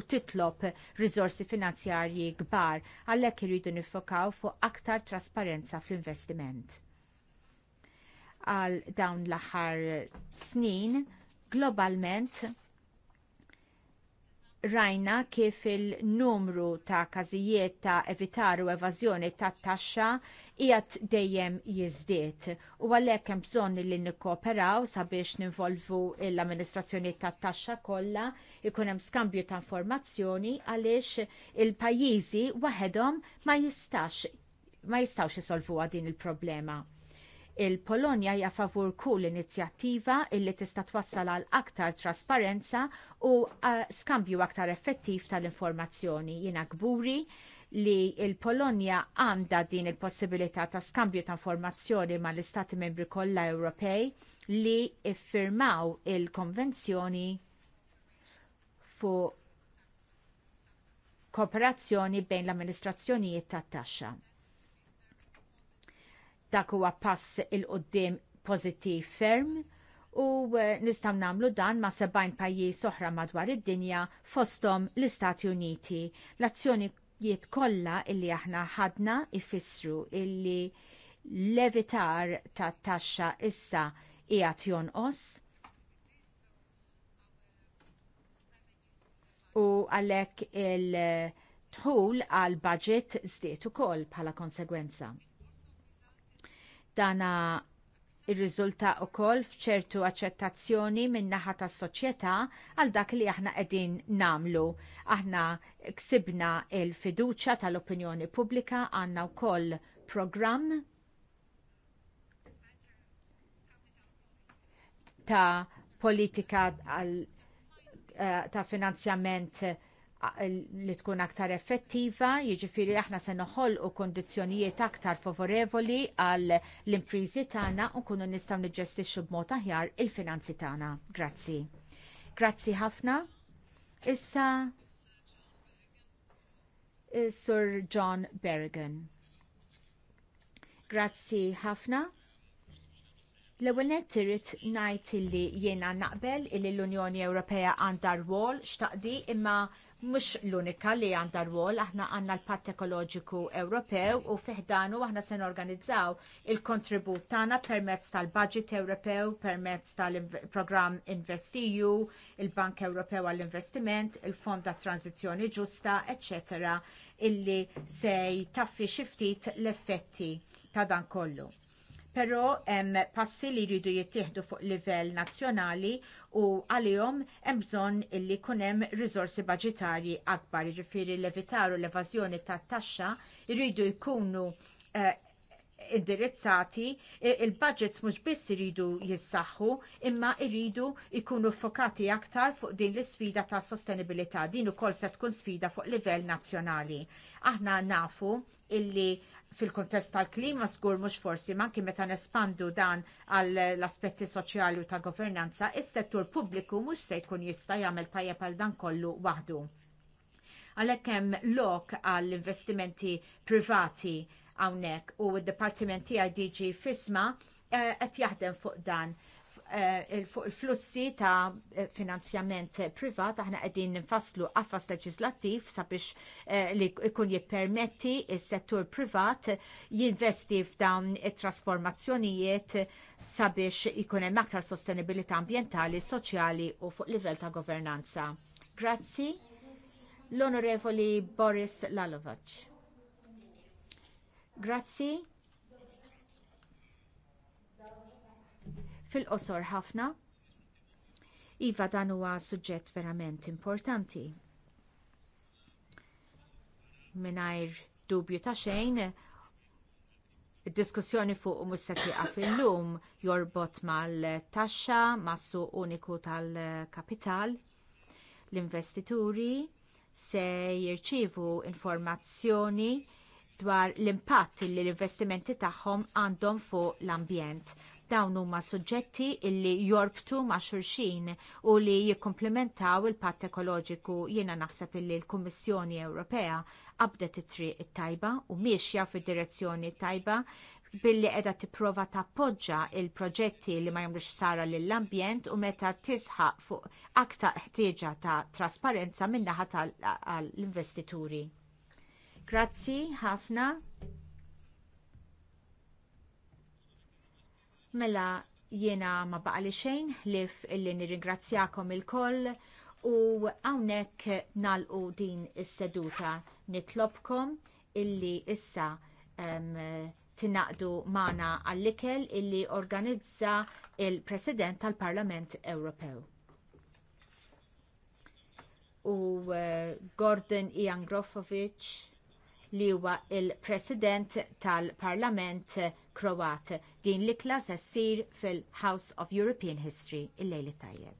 u titlob riżorsi finanzjarji kbar għalhekk iridu nifokaw fuq aktar trasparenza fl-investiment. Għal dawn l-aħħar snin globalment rajna kif il-numru ta' każijiet ta' evitar u evażjoni tat taxxa qiegħed dejjem jiżdied u għalhekk hemm bżonn li nikkooperaw sabiex ninvolvu l-amministrazzjoni tat taxxa kollha ikun hemm skambju ta' informazzjoni għaliex il-pajjiżi waħedhom ma jistax ma jistawx isolvuha din il-problema Il-Polonja hija favur kull inizjattiva illi tista' twassal għal aktar trasparenza u skambju aktar effettiv tal-informazzjoni. Jiena kburi li il-Polonja għandha din il-possibilità ta' skambju ta' informazzjoni mal istati membri kollha Ewropej li iffirmaw il-konvenzjoni fuq kooperazzjoni bejn l-amministrazzjonijiet tat-taxxa. Dak huwa pass il-qoddim pożittiv ferm u eh, nistgħu nagħmlu dan ma' 70 pajjiż oħra madwar id-dinja fosthom l-Istati Uniti. L-azzjonijiet kollha illi aħna ħadna ifissru illi levitar ta' taxxa issa qiegħed jonqos u għalhekk il- tħul għal budget żdiet ukoll bħala konsegwenza. Dana ir-riżulta wkoll f'ċertu aċċettazzjoni min-naħa tas-soċjetà għal dak li aħna qegħdin nagħmlu. Aħna ksibna l-fiduċja tal-opinjoni pubblika għandna wkoll programm ta' politika eh, ta' finanzjament li tkun aktar effettiva, jiġifieri aħna se noħolqu kundizzjonijiet aktar favorevoli għal l-imprizi tagħna u nkunu nistgħu niġġestixxu b'mod aħjar il-finanzi tagħna. Grazzi. Grazzi ħafna. Issa eh, Sir John Berrigan. Grazzi ħafna. L-ewwel nett irid ngħid illi jiena naqbel illi l-Unjoni Ewropea għandha rwol x'taqdi imma mhux l-unika li għandha rwol, aħna għandna l-Patt Ekoloġiku Ewropew u fiħdanu aħna se norganizzaw il-kontribut tagħna permezz tal-Budget Ewropew, permezz tal-programm Investiju, il-Bank Ewropew għall-Investiment, il-Fond ta' Transizjoni Ġusta, eċċetera, illi se taffi xi ftit l-effetti ta' dan kollu però hemm passi li jridu jittieħdu fuq livell nazzjonali u għalihom hemm bżonn illi jkun hemm riżorsi baġitarji akbar, jiġifieri levitaru l-evażjoni tat-taxxa jridu jkunu eh, indirizzati, il-budgets mhux biss iridu jissaħħu, imma jridu jkunu fokati aktar fuq din l isfida ta' sostenibilità, din ukoll se tkun sfida fuq livell nazzjonali. Aħna nafu illi fil-kontest tal-klima skur mhux forsi kien meta nespandu dan għall l-aspetti soċjali u ta' governanza, is-settur pubbliku mhux se jkun jista' jagħmel tajjeb għal dan kollu waħdu. Għalhekk hemm lok għall investimenti privati hawnhekk u d-dipartimenti għal DG Fisma eh, qed jaħdem fuq dan Eh, il-flussi ta' eh, finanzjament privat aħna qegħdin nfasslu qafas leġislattiv sabiex eh, li jkun jippermetti s-settur privat jinvesti f'dawn it-trasformazzjonijiet sabiex ikun hemm aktar sostenibilità ambjentali, soċjali u fuq livell ta' governanza. Grazzi. L-Onorevoli Boris Lalovac. Grazzi. fil-qosor ħafna. Iva dan huwa suġġett verament importanti. Mingħajr dubju ta' xejn, id-diskussjoni fuq mhux se tieqaf illum jorbot mal-taxxa, mas-suq uniku tal-kapital, l-investituri se jirċievu informazzjoni dwar l-impatt li l-investimenti tagħhom għandhom fuq l-ambjent Dawn huma suġġetti illi jorbtu ma' xulxin u li jikkomplementaw il-patt ekoloġiku jiena naħseb illi l-Kummissjoni Ewropea qabdet it-triq it-tajba u miexja fid-direzzjoni tajba billi qiegħda tipprova tappoġġa l proġetti li ma jagħmlux sara lill-ambjent u meta tisħaq fuq aktar ħtieġa ta' trasparenza min-naħa tal-investituri. Grazzi ħafna. Mela jiena ma baqa li xejn ħlif illi nirringrazzjakom il-koll u għawnek nalqu din is-seduta nitlobkom illi issa um, tinaqdu mana għall-ikel illi organizza il-President tal-Parlament Ewropew. U uh, Gordon Ian Grofovic, li huwa il-President tal-Parlament Kroat. Din l-ikla se ssir fil-House of European History il-lejli tajjeb.